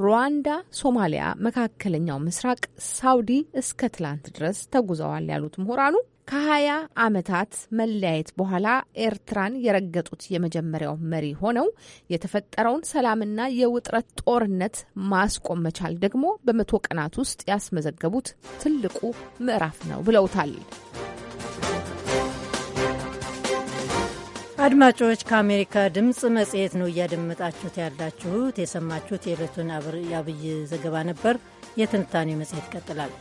ሩዋንዳ፣ ሶማሊያ፣ መካከለኛው ምስራቅ፣ ሳውዲ እስከ ትላንት ድረስ ተጉዘዋል ያሉት ምሁራኑ ከ20 ዓመታት መለያየት በኋላ ኤርትራን የረገጡት የመጀመሪያው መሪ ሆነው የተፈጠረውን ሰላምና የውጥረት ጦርነት ማስቆም መቻል ደግሞ በመቶ ቀናት ውስጥ ያስመዘገቡት ትልቁ ምዕራፍ ነው ብለውታል። አድማጮች ከአሜሪካ ድምፅ መጽሔት ነው እያደመጣችሁት ያላችሁት። የሰማችሁት የዕለቱን አብይ ዘገባ ነበር። የትንታኔ መጽሔት ይቀጥላል።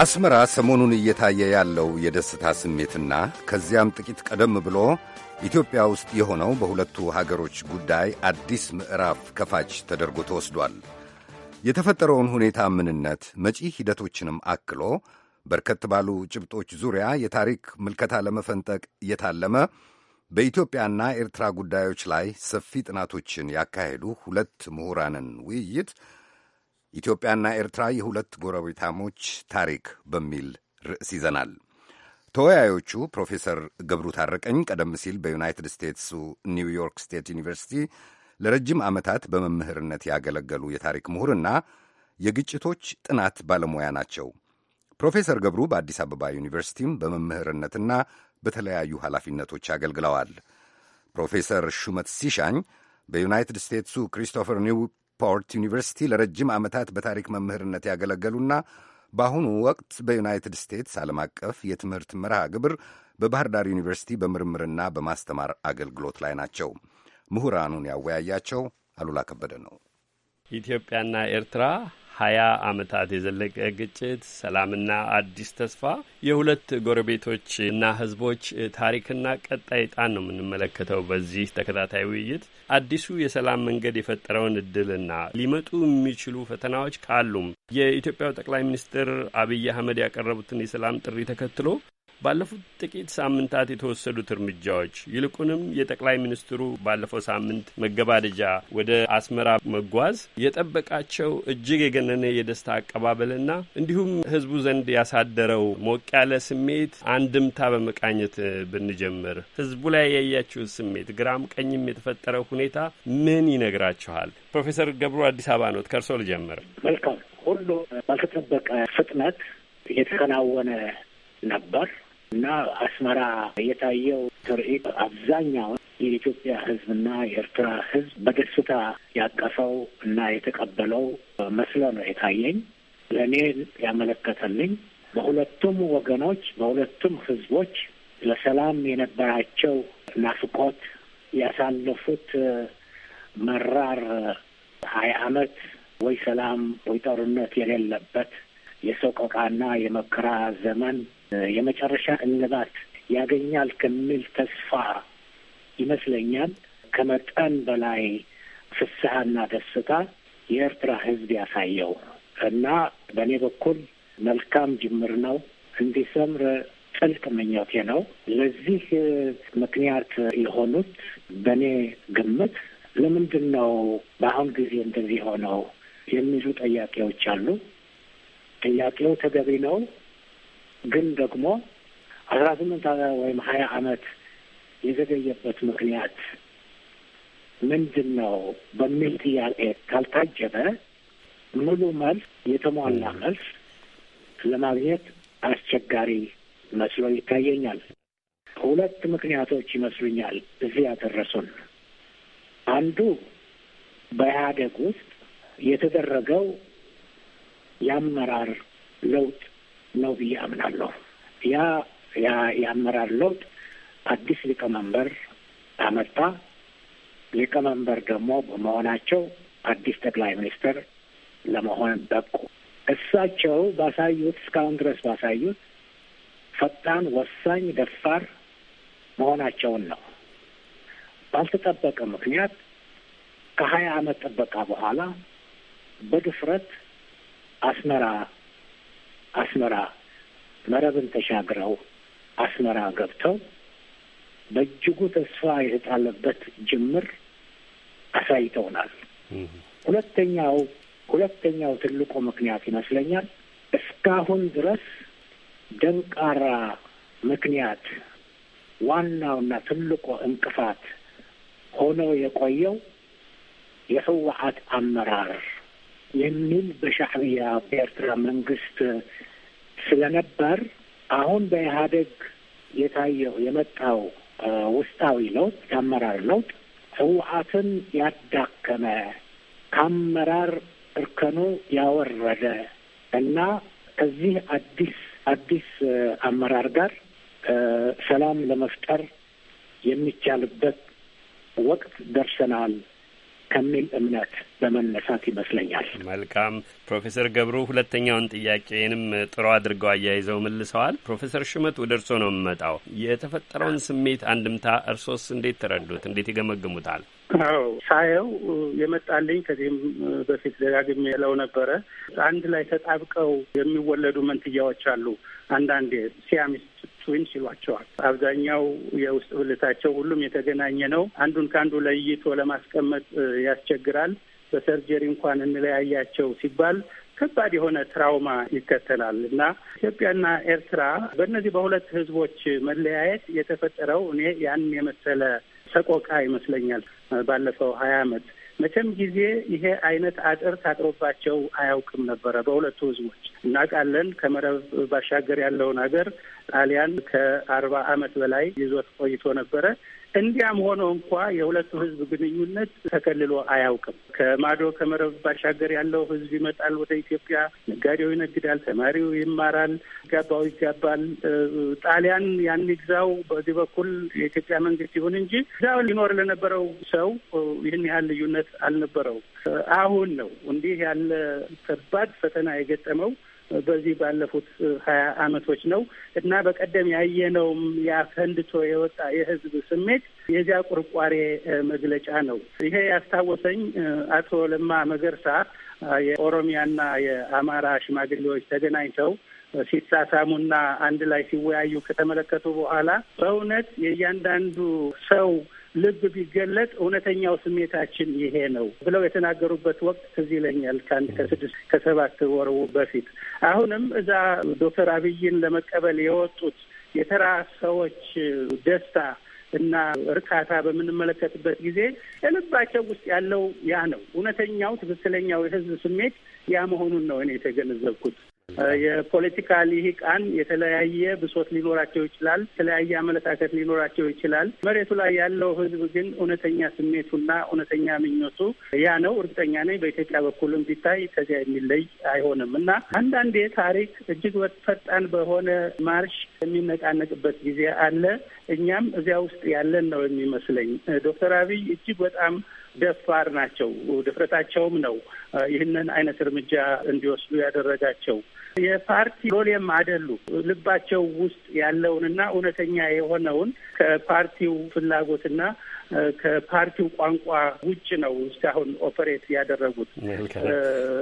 አስመራ ሰሞኑን እየታየ ያለው የደስታ ስሜትና ከዚያም ጥቂት ቀደም ብሎ ኢትዮጵያ ውስጥ የሆነው በሁለቱ ሀገሮች ጉዳይ አዲስ ምዕራፍ ከፋች ተደርጎ ተወስዷል። የተፈጠረውን ሁኔታ ምንነት፣ መጪ ሂደቶችንም አክሎ በርከት ባሉ ጭብጦች ዙሪያ የታሪክ ምልከታ ለመፈንጠቅ እየታለመ በኢትዮጵያና ኤርትራ ጉዳዮች ላይ ሰፊ ጥናቶችን ያካሄዱ ሁለት ምሁራንን ውይይት ኢትዮጵያና ኤርትራ የሁለት ጎረቤታሞች ታሪክ በሚል ርዕስ ይዘናል። ተወያዮቹ ፕሮፌሰር ገብሩ ታረቀኝ ቀደም ሲል በዩናይትድ ስቴትሱ ኒውዮርክ ስቴት ዩኒቨርሲቲ ለረጅም ዓመታት በመምህርነት ያገለገሉ የታሪክ ምሁርና የግጭቶች ጥናት ባለሙያ ናቸው። ፕሮፌሰር ገብሩ በአዲስ አበባ ዩኒቨርሲቲም በመምህርነትና በተለያዩ ኃላፊነቶች አገልግለዋል። ፕሮፌሰር ሹመት ሲሻኝ በዩናይትድ ስቴትሱ ክሪስቶፈር ስታንፎርድ ዩኒቨርሲቲ ለረጅም ዓመታት በታሪክ መምህርነት ያገለገሉና በአሁኑ ወቅት በዩናይትድ ስቴትስ ዓለም አቀፍ የትምህርት መርሃ ግብር በባህር ዳር ዩኒቨርሲቲ በምርምርና በማስተማር አገልግሎት ላይ ናቸው። ምሁራኑን ያወያያቸው አሉላ ከበደ ነው። ኢትዮጵያና ኤርትራ ሀያ አመታት የዘለቀ ግጭት፣ ሰላምና አዲስ ተስፋ የሁለት ጎረቤቶች እና ህዝቦች ታሪክና ቀጣይ ጣን ነው የምንመለከተው። በዚህ ተከታታይ ውይይት አዲሱ የሰላም መንገድ የፈጠረውን እድልና ሊመጡ የሚችሉ ፈተናዎች ካሉም የኢትዮጵያው ጠቅላይ ሚኒስትር አብይ አህመድ ያቀረቡትን የሰላም ጥሪ ተከትሎ ባለፉት ጥቂት ሳምንታት የተወሰዱት እርምጃዎች ይልቁንም የጠቅላይ ሚኒስትሩ ባለፈው ሳምንት መገባደጃ ወደ አስመራ መጓዝ የጠበቃቸው እጅግ የገነነ የደስታ አቀባበልና እንዲሁም ሕዝቡ ዘንድ ያሳደረው ሞቅ ያለ ስሜት አንድምታ በመቃኘት ብንጀምር ሕዝቡ ላይ ያያችሁ ስሜት ግራም ቀኝም የተፈጠረው ሁኔታ ምን ይነግራችኋል? ፕሮፌሰር ገብሩ አዲስ አበባ ኖት፣ ከእርሶ ልጀምር። መልካም ሁሉ ባልተጠበቀ ፍጥነት እየተከናወነ ነበር። እና አስመራ የታየው ትርኢት አብዛኛውን የኢትዮጵያ ሕዝብና የኤርትራ ሕዝብ በደስታ ያቀፈው እና የተቀበለው መስሎ ነው የታየኝ። ለእኔ ያመለከተልኝ በሁለቱም ወገኖች በሁለቱም ሕዝቦች ለሰላም የነበራቸው ናፍቆት ያሳለፉት መራር ሀያ ዓመት ወይ ሰላም ወይ ጦርነት የሌለበት የሰቆቃና የመከራ ዘመን የመጨረሻ እልባት ያገኛል ከሚል ተስፋ ይመስለኛል ከመጠን በላይ ፍስሀና ደስታ የኤርትራ ሕዝብ ያሳየው እና በእኔ በኩል መልካም ጅምር ነው። እንዲሰምር ጥልቅ ምኞቴ ነው። ለዚህ ምክንያት የሆኑት በእኔ ግምት ለምንድን ነው በአሁን ጊዜ እንደዚህ ሆነው የሚሉ ጥያቄዎች አሉ። ጥያቄው ተገቢ ነው። ግን ደግሞ አስራ ስምንት ወይም ሀያ አመት የዘገየበት ምክንያት ምንድን ነው በሚል ጥያቄ ካልታጀበ ሙሉ መልስ የተሟላ መልስ ለማግኘት አስቸጋሪ መስሎ ይታየኛል። ሁለት ምክንያቶች ይመስሉኛል እዚህ ያደረሱን። አንዱ በኢህአደግ ውስጥ የተደረገው የአመራር ለውጥ ነው ብዬ አምናለሁ። ያ የአመራር ለውጥ አዲስ ሊቀመንበር አመጣ። ሊቀመንበር ደግሞ በመሆናቸው አዲስ ጠቅላይ ሚኒስትር ለመሆን በቁ። እሳቸው ባሳዩት እስካሁን ድረስ ባሳዩት ፈጣን፣ ወሳኝ፣ ደፋር መሆናቸውን ነው። ባልተጠበቀ ምክንያት ከሀያ አመት ጥበቃ በኋላ በድፍረት አስመራ አስመራ መረብን ተሻግረው አስመራ ገብተው በእጅጉ ተስፋ የተጣለበት ጅምር አሳይተውናል። ሁለተኛው ሁለተኛው ትልቁ ምክንያት ይመስለኛል እስካሁን ድረስ ደንቃራ ምክንያት ዋናውና ትልቁ እንቅፋት ሆኖ የቆየው የህወሀት አመራር የሚል በሻዕቢያ በኤርትራ መንግስት ስለነበር አሁን በኢህአደግ የታየው የመጣው ውስጣዊ ለውጥ የአመራር ለውጥ ህወሀትን ያዳከመ ከአመራር እርከኑ ያወረደ እና ከዚህ አዲስ አዲስ አመራር ጋር ሰላም ለመፍጠር የሚቻልበት ወቅት ደርሰናል ከሚል እምነት በመነሳት ይመስለኛል። መልካም ፕሮፌሰር ገብሩ ሁለተኛውን ጥያቄንም ጥሩ አድርገው አያይዘው መልሰዋል። ፕሮፌሰር ሽመት ወደ እርስዎ ነው የምመጣው። የተፈጠረውን ስሜት አንድምታ እርሶስ እንዴት ተረዱት? እንዴት ይገመግሙታል? አዎ ሳየው የመጣልኝ ከዚህም በፊት ደጋግሜ ያለው ነበረ። አንድ ላይ ተጣብቀው የሚወለዱ መንትያዎች አሉ። አንዳንዴ ሲያሚስት አትስዊም ሲሏቸዋል። አብዛኛው የውስጥ ብልታቸው ሁሉም የተገናኘ ነው። አንዱን ከአንዱ ለይቶ ለማስቀመጥ ያስቸግራል። በሰርጀሪ እንኳን እንለያያቸው ሲባል ከባድ የሆነ ትራውማ ይከተላል እና ኢትዮጵያና ኤርትራ በእነዚህ በሁለት ህዝቦች መለያየት የተፈጠረው እኔ ያን የመሰለ ሰቆቃ ይመስለኛል። ባለፈው ሀያ ዓመት መቼም ጊዜ ይሄ አይነት አጥር ታጥሮባቸው አያውቅም ነበረ በሁለቱ ህዝቦች። እናውቃለን ከመረብ ባሻገር ያለውን ሀገር ጣሊያን ከአርባ አመት በላይ ይዞት ቆይቶ ነበረ። እንዲያም ሆኖ እንኳ የሁለቱ ህዝብ ግንኙነት ተከልሎ አያውቅም። ከማዶ ከመረብ ባሻገር ያለው ህዝብ ይመጣል ወደ ኢትዮጵያ። ነጋዴው ይነግዳል፣ ተማሪው ይማራል፣ ይጋባው ይጋባል። ጣሊያን ያን ግዛው በዚህ በኩል የኢትዮጵያ መንግስት ይሁን እንጂ እዛው ሊኖር ለነበረው ሰው ይህን ያህል ልዩነት አልነበረው። አሁን ነው እንዲህ ያለ ከባድ ፈተና የገጠመው በዚህ ባለፉት ሀያ አመቶች ነው እና በቀደም ያየነውም ያፈንድቶ የወጣ የህዝብ ስሜት የዚያ ቁርቋሬ መግለጫ ነው። ይሄ ያስታወሰኝ አቶ ለማ መገርሳ የኦሮሚያና የአማራ ሽማግሌዎች ተገናኝተው ሲሳሳሙና አንድ ላይ ሲወያዩ ከተመለከቱ በኋላ በእውነት የእያንዳንዱ ሰው ልብ ቢገለጥ እውነተኛው ስሜታችን ይሄ ነው ብለው የተናገሩበት ወቅት ትዝ ይለኛል ከአንድ ከስድስት ከሰባት ወር በፊት። አሁንም እዛ ዶክተር አብይን ለመቀበል የወጡት የተራ ሰዎች ደስታ እና እርካታ በምንመለከትበት ጊዜ ልባቸው ውስጥ ያለው ያ ነው እውነተኛው ትክክለኛው የህዝብ ስሜት ያ መሆኑን ነው እኔ የተገነዘብኩት። የፖለቲካ ልሂቃን የተለያየ ብሶት ሊኖራቸው ይችላል። የተለያየ አመለካከት ሊኖራቸው ይችላል። መሬቱ ላይ ያለው ህዝብ ግን እውነተኛ ስሜቱና እውነተኛ ምኞቱ ያ ነው። እርግጠኛ ነኝ በኢትዮጵያ በኩልም ቢታይ ከዚያ የሚለይ አይሆንም እና አንዳንዴ ታሪክ እጅግ ፈጣን በሆነ ማርሽ የሚነቃነቅበት ጊዜ አለ። እኛም እዚያ ውስጥ ያለን ነው የሚመስለኝ። ዶክተር አብይ እጅግ በጣም ደፋር ናቸው። ድፍረታቸውም ነው ይህንን አይነት እርምጃ እንዲወስዱ ያደረጋቸው። የፓርቲ ሎሌም አይደሉ ልባቸው ውስጥ ያለውንና እውነተኛ የሆነውን ከፓርቲው ፍላጎትና ከፓርቲው ቋንቋ ውጭ ነው እስካሁን ኦፐሬት ያደረጉት።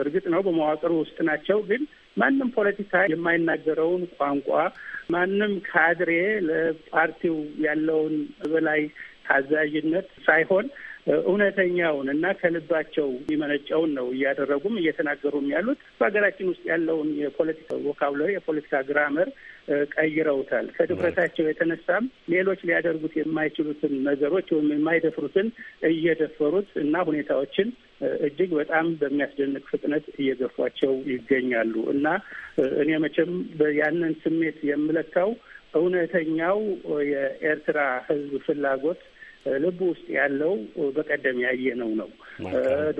እርግጥ ነው በመዋቅሩ ውስጥ ናቸው፣ ግን ማንም ፖለቲካ የማይናገረውን ቋንቋ ማንም ካድሬ ለፓርቲው ያለውን በላይ ታዛዥነት ሳይሆን እውነተኛውን እና ከልባቸው የሚመነጨውን ነው እያደረጉም እየተናገሩም ያሉት። በሀገራችን ውስጥ ያለውን የፖለቲካ ቮካብላሪ የፖለቲካ ግራመር ቀይረውታል። ከድፍረታቸው የተነሳም ሌሎች ሊያደርጉት የማይችሉትን ነገሮች ወይም የማይደፍሩትን እየደፈሩት እና ሁኔታዎችን እጅግ በጣም በሚያስደንቅ ፍጥነት እየገፏቸው ይገኛሉ እና እኔ መቼም ያንን ስሜት የምለካው እውነተኛው የኤርትራ ሕዝብ ፍላጎት ልብ ውስጥ ያለው በቀደም ያየነው ነው።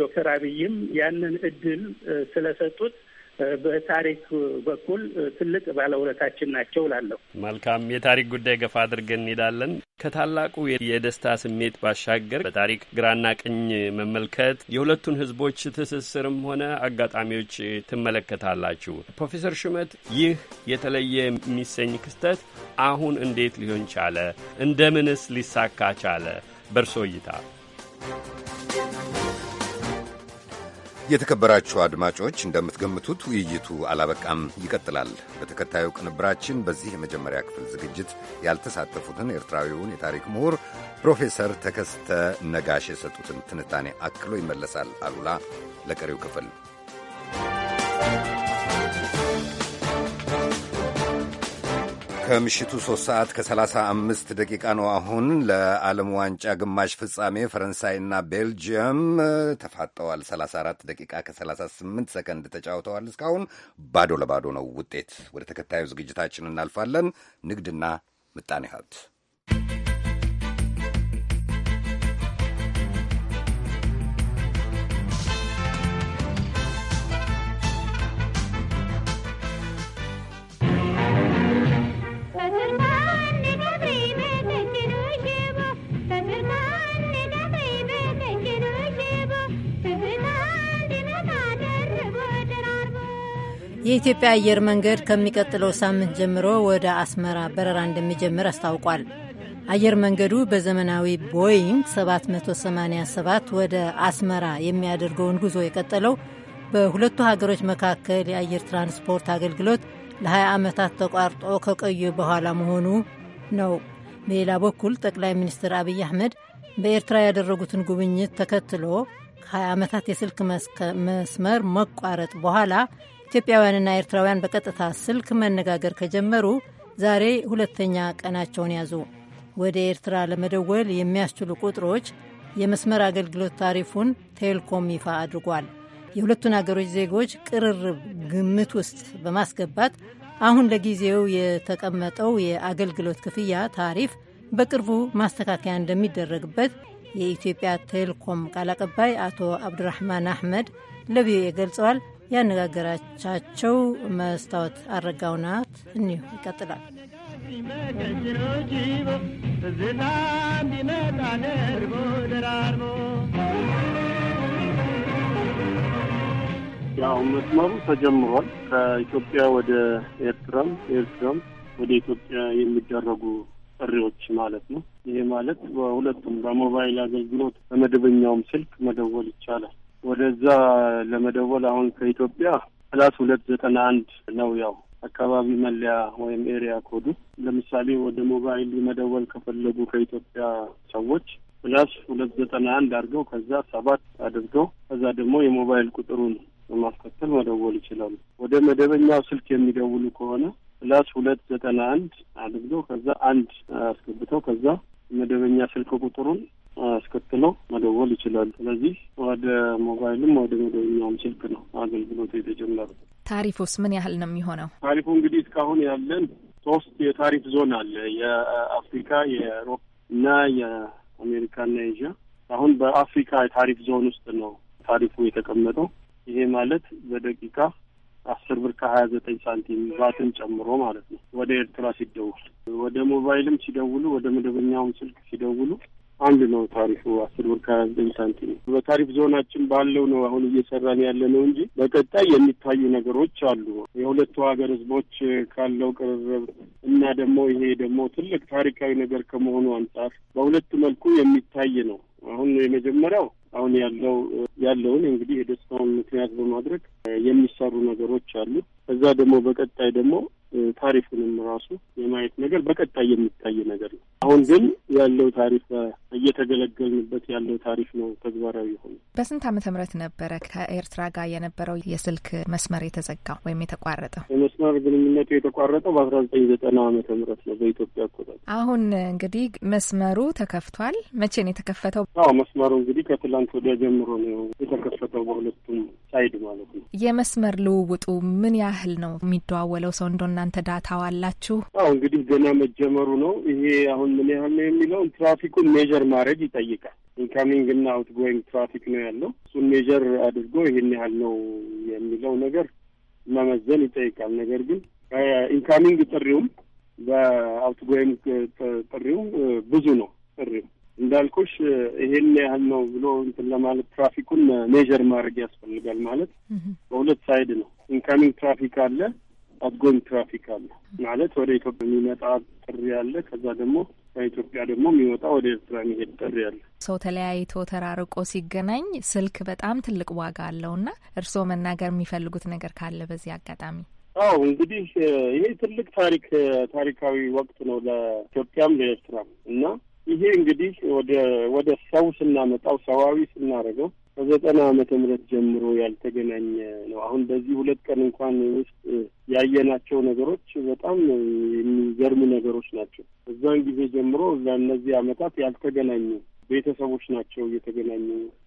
ዶክተር አብይም ያንን እድል ስለሰጡት በታሪክ በኩል ትልቅ ባለውለታችን ናቸው ላለሁ መልካም የታሪክ ጉዳይ ገፋ አድርገን እንሄዳለን። ከታላቁ የደስታ ስሜት ባሻገር በታሪክ ግራና ቀኝ መመልከት የሁለቱን ህዝቦች ትስስርም ሆነ አጋጣሚዎች ትመለከታላችሁ። ፕሮፌሰር ሹመት ይህ የተለየ የሚሰኝ ክስተት አሁን እንዴት ሊሆን ቻለ? እንደምንስ ሊሳካ ቻለ? በእርሶ እይታ የተከበራችሁ አድማጮች እንደምትገምቱት ውይይቱ አላበቃም፣ ይቀጥላል። በተከታዩ ቅንብራችን በዚህ የመጀመሪያ ክፍል ዝግጅት ያልተሳተፉትን ኤርትራዊውን የታሪክ ምሁር ፕሮፌሰር ተከስተ ነጋሽ የሰጡትን ትንታኔ አክሎ ይመለሳል። አሉላ ለቀሪው ክፍል ከምሽቱ 3 ሰዓት ከ35 ደቂቃ ነው። አሁን ለዓለም ዋንጫ ግማሽ ፍጻሜ ፈረንሳይና ቤልጅየም ተፋጠዋል። 34 ደቂቃ ከ38 ሰከንድ ተጫውተዋል። እስካሁን ባዶ ለባዶ ነው ውጤት። ወደ ተከታዩ ዝግጅታችን እናልፋለን። ንግድና ምጣኔ ሀብት የኢትዮጵያ አየር መንገድ ከሚቀጥለው ሳምንት ጀምሮ ወደ አስመራ በረራ እንደሚጀምር አስታውቋል። አየር መንገዱ በዘመናዊ ቦይንግ 787 ወደ አስመራ የሚያደርገውን ጉዞ የቀጠለው በሁለቱ ሀገሮች መካከል የአየር ትራንስፖርት አገልግሎት ለ20 ዓመታት ተቋርጦ ከቆየ በኋላ መሆኑ ነው። በሌላ በኩል ጠቅላይ ሚኒስትር አብይ አህመድ በኤርትራ ያደረጉትን ጉብኝት ተከትሎ ከ20 ዓመታት የስልክ መስመር መቋረጥ በኋላ ኢትዮጵያውያንና ኤርትራውያን በቀጥታ ስልክ መነጋገር ከጀመሩ ዛሬ ሁለተኛ ቀናቸውን ያዙ። ወደ ኤርትራ ለመደወል የሚያስችሉ ቁጥሮች የመስመር አገልግሎት ታሪፉን ቴልኮም ይፋ አድርጓል። የሁለቱን አገሮች ዜጎች ቅርርብ ግምት ውስጥ በማስገባት አሁን ለጊዜው የተቀመጠው የአገልግሎት ክፍያ ታሪፍ በቅርቡ ማስተካከያ እንደሚደረግበት የኢትዮጵያ ቴልኮም ቃል አቀባይ አቶ አብዱራህማን አህመድ ለቪኦኤ ገልጸዋል። ያነጋገራቻቸው መስታወት አረጋው ናት። እኒሁ ይቀጥላል። ያው መስመሩ ተጀምሯል። ከኢትዮጵያ ወደ ኤርትራም ኤርትራም ወደ ኢትዮጵያ የሚደረጉ ጥሪዎች ማለት ነው። ይሄ ማለት በሁለቱም በሞባይል አገልግሎት በመደበኛውም ስልክ መደወል ይቻላል። ወደዛ ለመደወል አሁን ከኢትዮጵያ ፕላስ ሁለት ዘጠና አንድ ነው ያው አካባቢ መለያ ወይም ኤሪያ ኮዱ። ለምሳሌ ወደ ሞባይል መደወል ከፈለጉ ከኢትዮጵያ ሰዎች ፕላስ ሁለት ዘጠና አንድ አድርገው ከዛ ሰባት አድርገው ከዛ ደግሞ የሞባይል ቁጥሩን በማስከተል መደወል ይችላሉ። ወደ መደበኛው ስልክ የሚደውሉ ከሆነ ፕላስ ሁለት ዘጠና አንድ አድርገው ከዛ አንድ አስገብተው ከዛ መደበኛ ስልክ ቁጥሩን አስከትሎ መደወል ይችላል ስለዚህ ወደ ሞባይልም ወደ መደበኛውም ስልክ ነው አገልግሎቱ የተጀመረ። ታሪፉስ ምን ያህል ነው የሚሆነው? ታሪፉ እንግዲህ እስካሁን ያለን ሶስት የታሪፍ ዞን አለ። የአፍሪካ፣ የአውሮፓ እና የአሜሪካ እና ኤዥያ። አሁን በአፍሪካ የታሪፍ ዞን ውስጥ ነው ታሪፉ የተቀመጠው። ይሄ ማለት በደቂቃ አስር ብር ከሀያ ዘጠኝ ሳንቲም ቫትን ጨምሮ ማለት ነው። ወደ ኤርትራ ሲደውል፣ ወደ ሞባይልም ሲደውሉ፣ ወደ መደበኛውም ስልክ ሲደውሉ አንድ ነው ታሪፉ አስር ብር ከሀያ ዘጠኝ ሳንቲም በታሪፍ ዞናችን ባለው ነው አሁን እየሰራን ያለ ነው እንጂ በቀጣይ የሚታዩ ነገሮች አሉ። የሁለቱ ሀገር ህዝቦች ካለው ቅርርብ እና ደግሞ ይሄ ደግሞ ትልቅ ታሪካዊ ነገር ከመሆኑ አንጻር በሁለት መልኩ የሚታይ ነው። አሁን የመጀመሪያው አሁን ያለው ያለውን እንግዲህ የደስታውን ምክንያት በማድረግ የሚሰሩ ነገሮች አሉ። እዛ ደግሞ በቀጣይ ደግሞ ታሪፉንም ራሱ የማየት ነገር በቀጣይ የሚታይ ነገር ነው። አሁን ግን ያለው ታሪፍ እየተገለገልንበት ያለው ታሪፍ ነው ተግባራዊ የሆነ። በስንት ዓመተ ምህረት ነበረ ከኤርትራ ጋር የነበረው የስልክ መስመር የተዘጋው ወይም የተቋረጠው? የመስመር ግንኙነቱ የተቋረጠው በአስራ ዘጠኝ ዘጠና ዓመተ ምህረት ነው በኢትዮጵያ አቆጣጠር። አሁን እንግዲህ መስመሩ ተከፍቷል። መቼ ነው የተከፈተው? አዎ መስመሩ እንግዲህ ከትላንት ወዲያ ጀምሮ ነው የተከፈተው በሁለቱም ሳይድ ማለት ነው። የመስመር ልውውጡ ምን ያህል ነው የሚደዋወለው ሰው እንደሆነ እናንተ ዳታው አላችሁ? አዎ እንግዲህ ገና መጀመሩ ነው። ይሄ አሁን ምን ያህል ነው የሚለውን ትራፊኩን ሜዥር ማድረግ ይጠይቃል። ኢንካሚንግ እና አውትጎይንግ ትራፊክ ነው ያለው። እሱን ሜዥር አድርጎ ይህን ያህል ነው የሚለው ነገር መመዘን ይጠይቃል። ነገር ግን ኢንካሚንግ ጥሪውም በአውትጎይንግ ጥሪው ብዙ ነው ጥሪው እንዳልኩሽ ይሄን ያህል ነው ብሎ እንትን ለማለት ትራፊኩን ሜዥር ማድረግ ያስፈልጋል። ማለት በሁለት ሳይድ ነው። ኢንካሚንግ ትራፊክ አለ፣ አብ ትራፊክ አለ ማለት ወደ ኢትዮጵያ የሚመጣ ጥሪ አለ። ከዛ ደግሞ በኢትዮጵያ ደግሞ የሚወጣ ወደ ኤርትራ የሚሄድ ጥሪ አለ። ሰው ተለያይቶ ተራርቆ ሲገናኝ ስልክ በጣም ትልቅ ዋጋ አለው ና እርስዎ መናገር የሚፈልጉት ነገር ካለ በዚህ አጋጣሚ አው እንግዲህ ይሄ ትልቅ ታሪክ ታሪካዊ ወቅት ነው ለኢትዮጵያም ለኤርትራም እና ይሄ እንግዲህ ወደ ወደ ሰው ስናመጣው ሰዋዊ ስናደርገው ከዘጠና ዓመተ ምህረት ጀምሮ ያልተገናኘ ነው። አሁን በዚህ ሁለት ቀን እንኳን ውስጥ ያየናቸው ነገሮች በጣም የሚገርሙ ነገሮች ናቸው። እዛን ጊዜ ጀምሮ እነዚህ ዓመታት ያልተገናኙ ቤተሰቦች ናቸው እየተገናኙ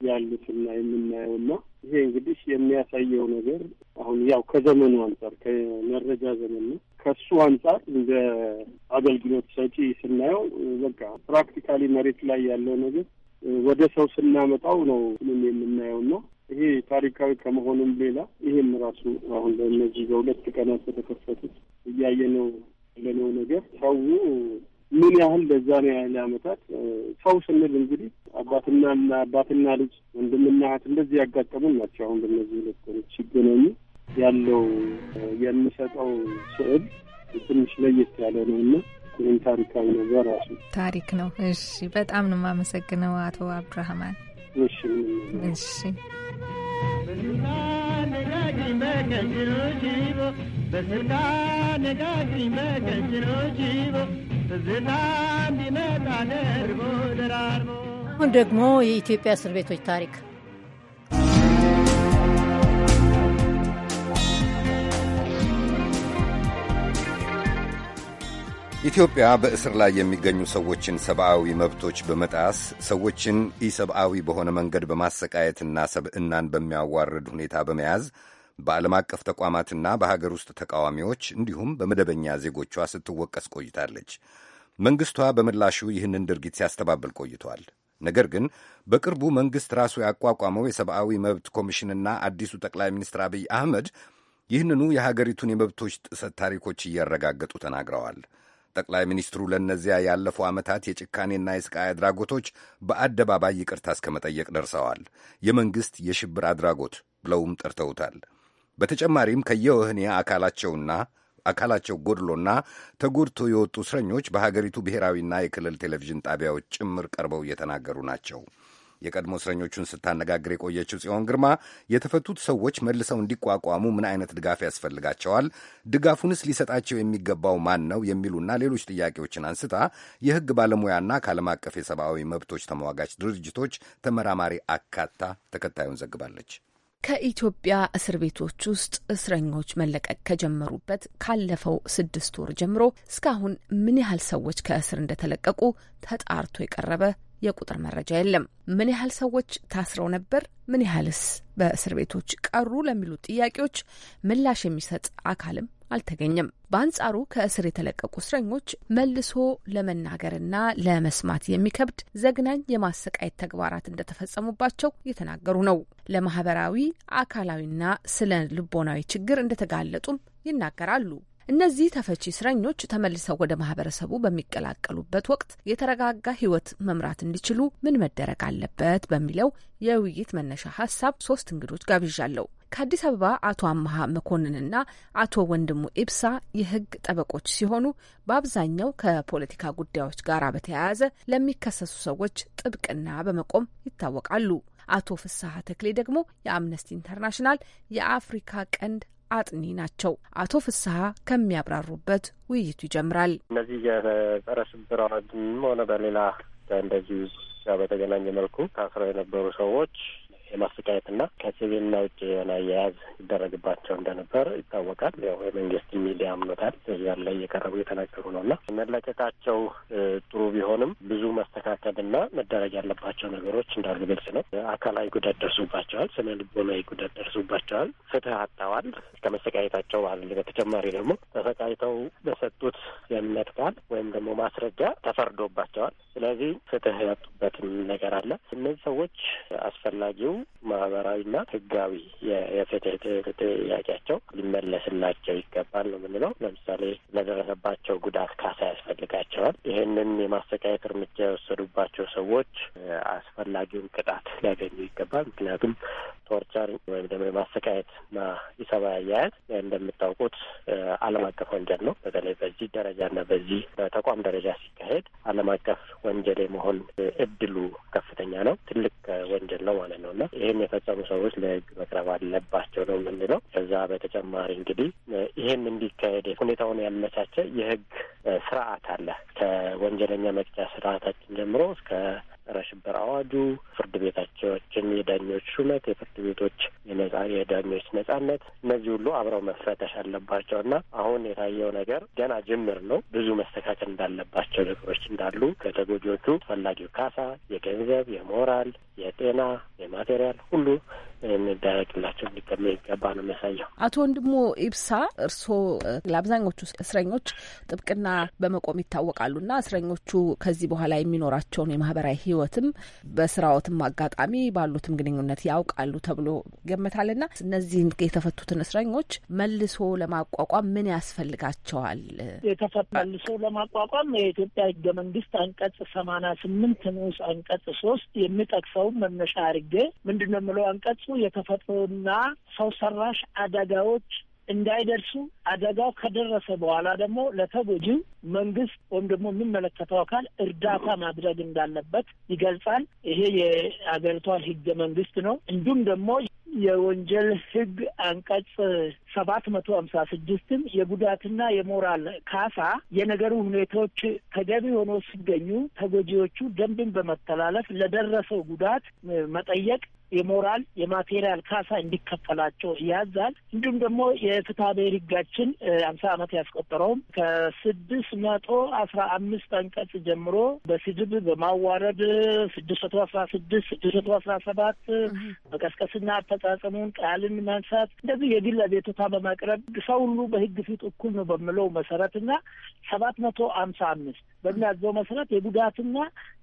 ያሉትና የምናየው እና ይሄ እንግዲህ የሚያሳየው ነገር አሁን ያው ከዘመኑ አንጻር ከመረጃ ዘመን ነው። ከሱ አንጻር እንደ አገልግሎት ሰጪ ስናየው በቃ ፕራክቲካሊ መሬት ላይ ያለው ነገር ወደ ሰው ስናመጣው ነው ምንም የምናየው ነው። ይሄ ታሪካዊ ከመሆኑም ሌላ ይሄም ራሱ አሁን በእነዚህ በሁለት ቀናት በተከፈቱት ነው ያለነው ነገር ሰው ምን ያህል በዛ ነው ያህል አመታት ሰው ስንል እንግዲህ አባትና አባትና ልጅ ወንድምና እህት እንደዚህ ያጋጠሙን ናቸው። አሁን በእነዚህ ሁለት ቀኖች ሲገናኙ ያለው የሚሰጠው ስዕል ትንሽ ለየት ያለ ነው እና ይህም ታሪካዊ ነገር ራሱ ታሪክ ነው። እሺ፣ በጣም ነው የማመሰግነው አቶ አብዱራህማን። እሺ፣ እሺ። አሁን ደግሞ የኢትዮጵያ እስር ቤቶች ታሪክ ኢትዮጵያ በእስር ላይ የሚገኙ ሰዎችን ሰብአዊ መብቶች በመጣስ ሰዎችን ኢሰብአዊ በሆነ መንገድ በማሰቃየትና ሰብዕናን በሚያዋርድ ሁኔታ በመያዝ በዓለም አቀፍ ተቋማትና በሀገር ውስጥ ተቃዋሚዎች እንዲሁም በመደበኛ ዜጎቿ ስትወቀስ ቆይታለች። መንግሥቷ በምላሹ ይህንን ድርጊት ሲያስተባብል ቆይቷል። ነገር ግን በቅርቡ መንግሥት ራሱ ያቋቋመው የሰብአዊ መብት ኮሚሽንና አዲሱ ጠቅላይ ሚኒስትር አብይ አህመድ ይህንኑ የሀገሪቱን የመብቶች ጥሰት ታሪኮች እያረጋገጡ ተናግረዋል። ጠቅላይ ሚኒስትሩ ለእነዚያ ያለፉ ዓመታት የጭካኔና የስቃይ አድራጎቶች በአደባባይ ይቅርታ እስከ መጠየቅ ደርሰዋል። የመንግሥት የሽብር አድራጎት ብለውም ጠርተውታል። በተጨማሪም ከየወህኒ አካላቸውና አካላቸው ጎድሎና ተጎድቶ የወጡ እስረኞች በሀገሪቱ ብሔራዊና የክልል ቴሌቪዥን ጣቢያዎች ጭምር ቀርበው እየተናገሩ ናቸው። የቀድሞ እስረኞቹን ስታነጋግር የቆየችው ጽዮን ግርማ የተፈቱት ሰዎች መልሰው እንዲቋቋሙ ምን አይነት ድጋፍ ያስፈልጋቸዋል፣ ድጋፉንስ ሊሰጣቸው የሚገባው ማን ነው የሚሉና ሌሎች ጥያቄዎችን አንስታ የሕግ ባለሙያና ከዓለም አቀፍ የሰብአዊ መብቶች ተሟጋች ድርጅቶች ተመራማሪ አካታ ተከታዩን ዘግባለች። ከኢትዮጵያ እስር ቤቶች ውስጥ እስረኞች መለቀቅ ከጀመሩበት ካለፈው ስድስት ወር ጀምሮ እስካሁን ምን ያህል ሰዎች ከእስር እንደተለቀቁ ተጣርቶ የቀረበ የቁጥር መረጃ የለም። ምን ያህል ሰዎች ታስረው ነበር፣ ምን ያህልስ በእስር ቤቶች ቀሩ ለሚሉ ጥያቄዎች ምላሽ የሚሰጥ አካልም አልተገኘም። በአንጻሩ ከእስር የተለቀቁ እስረኞች መልሶ ለመናገርና ለመስማት የሚከብድ ዘግናኝ የማሰቃየት ተግባራት እንደተፈጸሙባቸው እየተናገሩ ነው። ለማህበራዊ አካላዊና ስነ ልቦናዊ ችግር እንደተጋለጡም ይናገራሉ። እነዚህ ተፈቺ እስረኞች ተመልሰው ወደ ማህበረሰቡ በሚቀላቀሉበት ወቅት የተረጋጋ ህይወት መምራት እንዲችሉ ምን መደረግ አለበት በሚለው የውይይት መነሻ ሀሳብ ሶስት እንግዶች ጋብዣለሁ። ከአዲስ አበባ አቶ አመሀ መኮንንና አቶ ወንድሙ ኢብሳ የህግ ጠበቆች ሲሆኑ በአብዛኛው ከፖለቲካ ጉዳዮች ጋር በተያያዘ ለሚከሰሱ ሰዎች ጥብቅና በመቆም ይታወቃሉ። አቶ ፍስሐ ተክሌ ደግሞ የአምነስቲ ኢንተርናሽናል የአፍሪካ ቀንድ አጥኒ ናቸው። አቶ ፍስሀ ከሚያብራሩበት ውይይቱ ይጀምራል። እነዚህ የጸረ ሽብር አዋጅም ሆነ በሌላ እንደዚሁ በተገናኘ መልኩ ታስረው የነበሩ ሰዎች የማሰቃየትና ከሲቪልና ውጭ የሆነ አያያዝ ይደረግባቸው እንደነበር ይታወቃል። ያው የመንግስት ሚዲያ አምኖታል። ያን ላይ እየቀረቡ የተናገሩ ነው እና መለቀቃቸው ጥሩ ቢሆንም ብዙ መስተካከልና መደረግ ያለባቸው ነገሮች እንዳሉ ግልጽ ነው። አካላዊ ጉዳት ደርሱባቸዋል። ስነ ልቦናዊ ጉዳት ደርሱባቸዋል ፍትህ አጥተዋል። ከመሰቃየታቸው በተጨማሪ ደግሞ ተሰቃይተው በሰጡት የእምነት ቃል ወይም ደግሞ ማስረጃ ተፈርዶባቸዋል። ስለዚህ ፍትህ ያጡበትም ነገር አለ። እነዚህ ሰዎች አስፈላጊው ማህበራዊና ህጋዊ የፍትህ ጥያቄያቸው ሊመለስላቸው ይገባል ነው የምንለው። ለምሳሌ ለደረሰባቸው ጉዳት ካሳ ያስፈልጋቸዋል። ይህንን የማሰቃየት እርምጃ የወሰዱባቸው ሰዎች አስፈላጊውን ቅጣት ሊያገኙ ይገባል። ምክንያቱም ቶርቸር ወይም ደግሞ የማሰቃየትና ኢሰብአዊ አያያዝ እንደምታውቁት ዓለም አቀፍ ወንጀል ነው። በተለይ በዚህ ደረጃና በዚህ በተቋም ደረጃ ሲካሄድ ዓለም አቀፍ ወንጀል የመሆን እድሉ ከፍተኛ ነው። ትልቅ ወንጀል ነው ማለት ነው እና ይህን የፈጸሙ ሰዎች ለህግ መቅረብ አለባቸው ነው የምንለው። ከዛ በተጨማሪ እንግዲህ ይህን እንዲካሄድ ሁኔታውን ያመቻቸ የህግ ስርዓት አለ ከወንጀለኛ መቅጫ ስርዓታችን ጀምሮ እስከ ጸረ ሽብር አዋጁ፣ ፍርድ ቤታቸዎችን፣ የዳኞች ሹመት፣ የፍርድ ቤቶች የነጻ የዳኞች ነጻነት፣ እነዚህ ሁሉ አብረው መፈተሽ አለባቸው እና አሁን የታየው ነገር ገና ጅምር ነው። ብዙ መስተካከል እንዳለባቸው ነገሮች እንዳሉ ከተጎጂዎቹ ፈላጊው ካሳ፣ የገንዘብ፣ የሞራል፣ የጤና፣ የማቴሪያል ሁሉ እንዳያደረግላቸው ይገባ ነው የሚያሳየው። አቶ ወንድሙ ኢብሳ እርስዎ ለአብዛኞቹ እስረኞች ጥብቅና በመቆም ይታወቃሉና እስረኞቹ ከዚህ በኋላ የሚኖራቸውን የማህበራዊ ህይወትም በስራዎትም አጋጣሚ ባሉትም ግንኙነት ያውቃሉ ተብሎ ይገመታልና እነዚህን የተፈቱትን እስረኞች መልሶ ለማቋቋም ምን ያስፈልጋቸዋል? መልሶ ለማቋቋም የኢትዮጵያ ህገ መንግስት አንቀጽ ሰማንያ ስምንት ንዑስ አንቀጽ ሶስት የሚጠቅሰውን መነሻ አድርጌ ምንድን ነው የምለው አንቀጹ የተፈጥሮና ሰው ሰራሽ አደጋዎች እንዳይደርሱ አደጋው ከደረሰ በኋላ ደግሞ ለተጎጂው መንግስት ወይም ደግሞ የሚመለከተው አካል እርዳታ ማድረግ እንዳለበት ይገልጻል። ይሄ የአገሪቷን ህገ መንግስት ነው። እንዲሁም ደግሞ የወንጀል ህግ አንቀጽ ሰባት መቶ ሀምሳ ስድስትም የጉዳትና የሞራል ካሳ የነገሩ ሁኔታዎች ተገቢ ሆኖ ሲገኙ ተጎጂዎቹ ደንብን በመተላለፍ ለደረሰው ጉዳት መጠየቅ የሞራል የማቴሪያል ካሳ እንዲከፈላቸው ያዛል። እንዲሁም ደግሞ የፍትሐ ብሔር ህጋችን አምሳ ዓመት ያስቆጠረውም ከስድስት መቶ አስራ አምስት አንቀጽ ጀምሮ በስድብ በማዋረድ ስድስት መቶ አስራ ስድስት ስድስት መቶ አስራ ሰባት መቀስቀስና አፈጻጸሙን ቃልን ማንሳት እንደዚህ የግል አቤቱታ በማቅረብ ሰው ሁሉ በህግ ፊት እኩል ነው በምለው መሰረትና ሰባት መቶ አምሳ አምስት በሚያዘው መሰረት የጉዳትና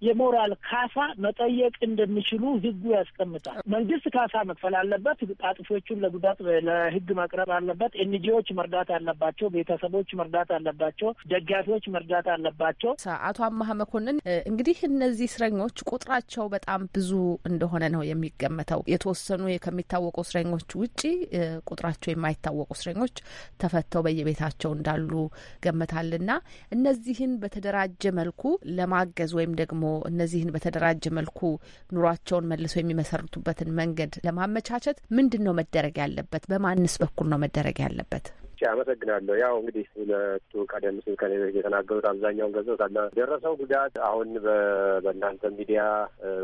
የሞራል ካሳ መጠየቅ እንደሚችሉ ህጉ ያስቀምጣል። መንግስት ካሳ መክፈል አለበት። ጣጥፎቹን ለጉዳት ለህግ መቅረብ አለበት። ኤንጂዎች መርዳት አለባቸው። ቤተሰቦች መርዳት አለባቸው። ደጋ ደጋፊዎች መርዳት አለባቸው። አቶ አማሀ መኮንን፣ እንግዲህ እነዚህ እስረኞች ቁጥራቸው በጣም ብዙ እንደሆነ ነው የሚገመተው። የተወሰኑ ከሚታወቁ እስረኞች ውጪ ቁጥራቸው የማይታወቁ እስረኞች ተፈተው በየቤታቸው እንዳሉ ገመታልና እነዚህን በተደራጀ መልኩ ለማገዝ ወይም ደግሞ እነዚህን በተደራጀ መልኩ ኑሯቸውን መልሰው የሚመሰርቱበትን መንገድ ለማመቻቸት ምንድን ነው መደረግ ያለበት? በማንስ በኩል ነው መደረግ ያለበት? እሺ፣ አመሰግናለሁ። ያው እንግዲህ ሁለቱ ቀደም ሲል ከኔ የተናገሩት አብዛኛውን ገልጸውታል። ደረሰው ጉዳት አሁን በእናንተ ሚዲያ፣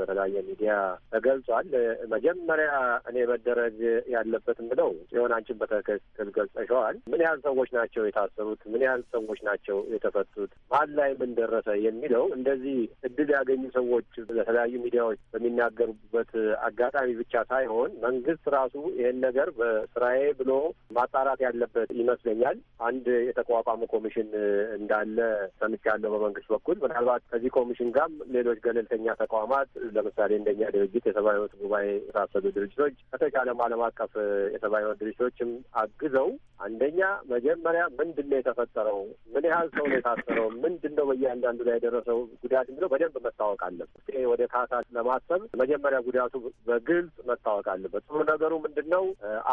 በተለያየ ሚዲያ ተገልጿል። መጀመሪያ እኔ መደረግ ያለበት ምለው ሲሆን አንቺን በተከክል ገልጸሸዋል። ምን ያህል ሰዎች ናቸው የታሰሩት? ምን ያህል ሰዎች ናቸው የተፈቱት? ማን ላይ ምን ደረሰ የሚለው እንደዚህ እድል ያገኙ ሰዎች በተለያዩ ሚዲያዎች በሚናገሩበት አጋጣሚ ብቻ ሳይሆን መንግስት ራሱ ይህን ነገር በስራዬ ብሎ ማጣራት ያለበት ይመስለኛል። አንድ የተቋቋመ ኮሚሽን እንዳለ ሰምቻለሁ በመንግስት በኩል። ምናልባት ከዚህ ኮሚሽን ጋር ሌሎች ገለልተኛ ተቋማት ለምሳሌ እንደኛ ድርጅት የሰብአዊ መብት ጉባኤ የታሰሉ ድርጅቶች ከተቻለም ዓለም አቀፍ የሰብአዊ መብት ድርጅቶችም አግዘው አንደኛ መጀመሪያ ምንድን ነው የተፈጠረው? ምን ያህል ሰው ነው የታሰረው? ምንድን ነው በእያንዳንዱ ላይ የደረሰው ጉዳት የሚለው በደንብ መታወቅ አለበት። ወደ ካሳ ለማሰብ መጀመሪያ ጉዳቱ በግልጽ መታወቅ አለበት። ጥሩ ነገሩ ምንድን ነው?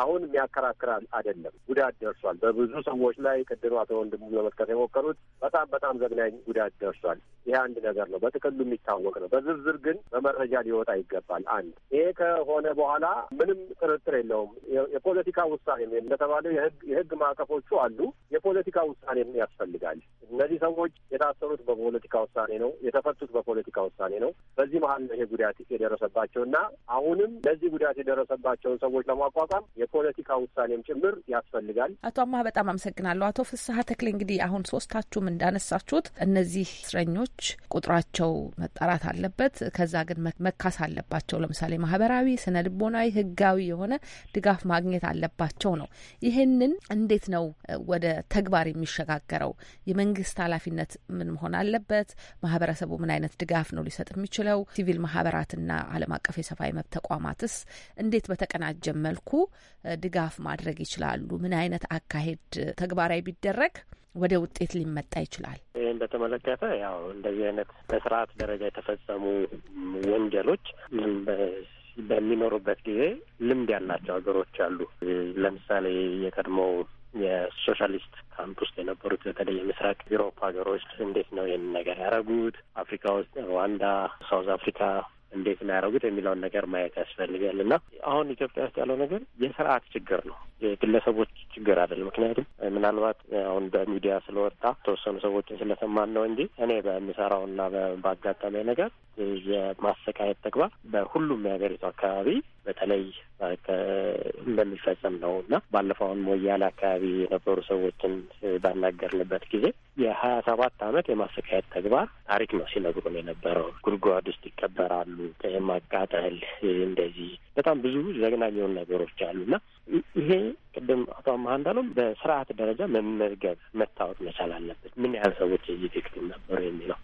አሁን የሚያከራክራል አይደለም፣ ጉዳት ደርሷል። በብዙ ሰዎች ላይ ቅድም አቶ ወንድሙ ለመጥቀስ የሞከሩት በጣም በጣም ዘግናኝ ጉዳት ደርሷል። ይህ አንድ ነገር ነው፣ በጥቅሉ የሚታወቅ ነው። በዝርዝር ግን በመረጃ ሊወጣ ይገባል። አንድ ይሄ ከሆነ በኋላ ምንም ጥርጥር የለውም የፖለቲካ ውሳኔ እንደተባለው የህግ ማዕቀፎቹ አሉ። የፖለቲካ ውሳኔም ያስፈልጋል። እነዚህ ሰዎች የታሰሩት በፖለቲካ ውሳኔ ነው፣ የተፈቱት በፖለቲካ ውሳኔ ነው። በዚህ መሀል ነው ይሄ ጉዳት የደረሰባቸው እና አሁንም ለዚህ ጉዳት የደረሰባቸውን ሰዎች ለማቋቋም የፖለቲካ ውሳኔም ጭምር ያስፈልጋል። አቶ ለማ በጣም አመሰግናለሁ። አቶ ፍስሀ ተክሌ እንግዲህ አሁን ሶስታችሁም እንዳነሳችሁት እነዚህ እስረኞች ቁጥራቸው መጣራት አለበት፣ ከዛ ግን መካስ አለባቸው። ለምሳሌ ማህበራዊ፣ ስነ ልቦናዊ፣ ህጋዊ የሆነ ድጋፍ ማግኘት አለባቸው ነው። ይህንን እንዴት ነው ወደ ተግባር የሚሸጋገረው? የመንግስት ኃላፊነት ምን መሆን አለበት? ማህበረሰቡ ምን አይነት ድጋፍ ነው ሊሰጥ የሚችለው? ሲቪል ማህበራትና ዓለም አቀፍ የሰብአዊ መብት ተቋማትስ እንዴት በተቀናጀ መልኩ ድጋፍ ማድረግ ይችላሉ? ምን አይነት አካሄድ ተግባራዊ ቢደረግ ወደ ውጤት ሊመጣ ይችላል። ይህን በተመለከተ ያው እንደዚህ አይነት በስርዓት ደረጃ የተፈጸሙ ወንጀሎች በሚኖሩበት ጊዜ ልምድ ያላቸው ሀገሮች አሉ። ለምሳሌ የቀድሞው የሶሻሊስት ካምፕ ውስጥ የነበሩት በተለይ የምስራቅ ዩሮፕ ሀገሮች እንዴት ነው ይህን ነገር ያደረጉት? አፍሪካ ውስጥ ሩዋንዳ፣ ሳውዝ አፍሪካ እንዴት ነው ያደረጉት የሚለውን ነገር ማየት ያስፈልጋል። እና አሁን ኢትዮጵያ ውስጥ ያለው ነገር የስርዓት ችግር ነው፣ የግለሰቦች ችግር አይደለም። ምክንያቱም ምናልባት አሁን በሚዲያ ስለወጣ የተወሰኑ ሰዎችን ስለሰማን ነው እንጂ እኔ በምሰራውና በአጋጣሚ ነገር የማሰቃየት ተግባር በሁሉም የሀገሪቱ አካባቢ በተለይ እንደሚፈጸም ነው እና ባለፈውን ሞያሌ አካባቢ የነበሩ ሰዎችን ባናገርንበት ጊዜ የሀያ ሰባት አመት የማሰቃየት ተግባር ታሪክ ነው ሲነግሩን የነበረው። ጉድጓድ ውስጥ ይቀበራሉ፣ ማቃጠል፣ እንደዚህ በጣም ብዙ ዘግናኝ የሆኑ ነገሮች አሉና ይሄ ቅድም አቶ አማሀ እንዳሉም በስርዓት ደረጃ መመዝገብ መታወቅ መቻል አለበት፣ ምን ያህል ሰዎች የዚህ ቪክቲም ነበሩ የሚለው።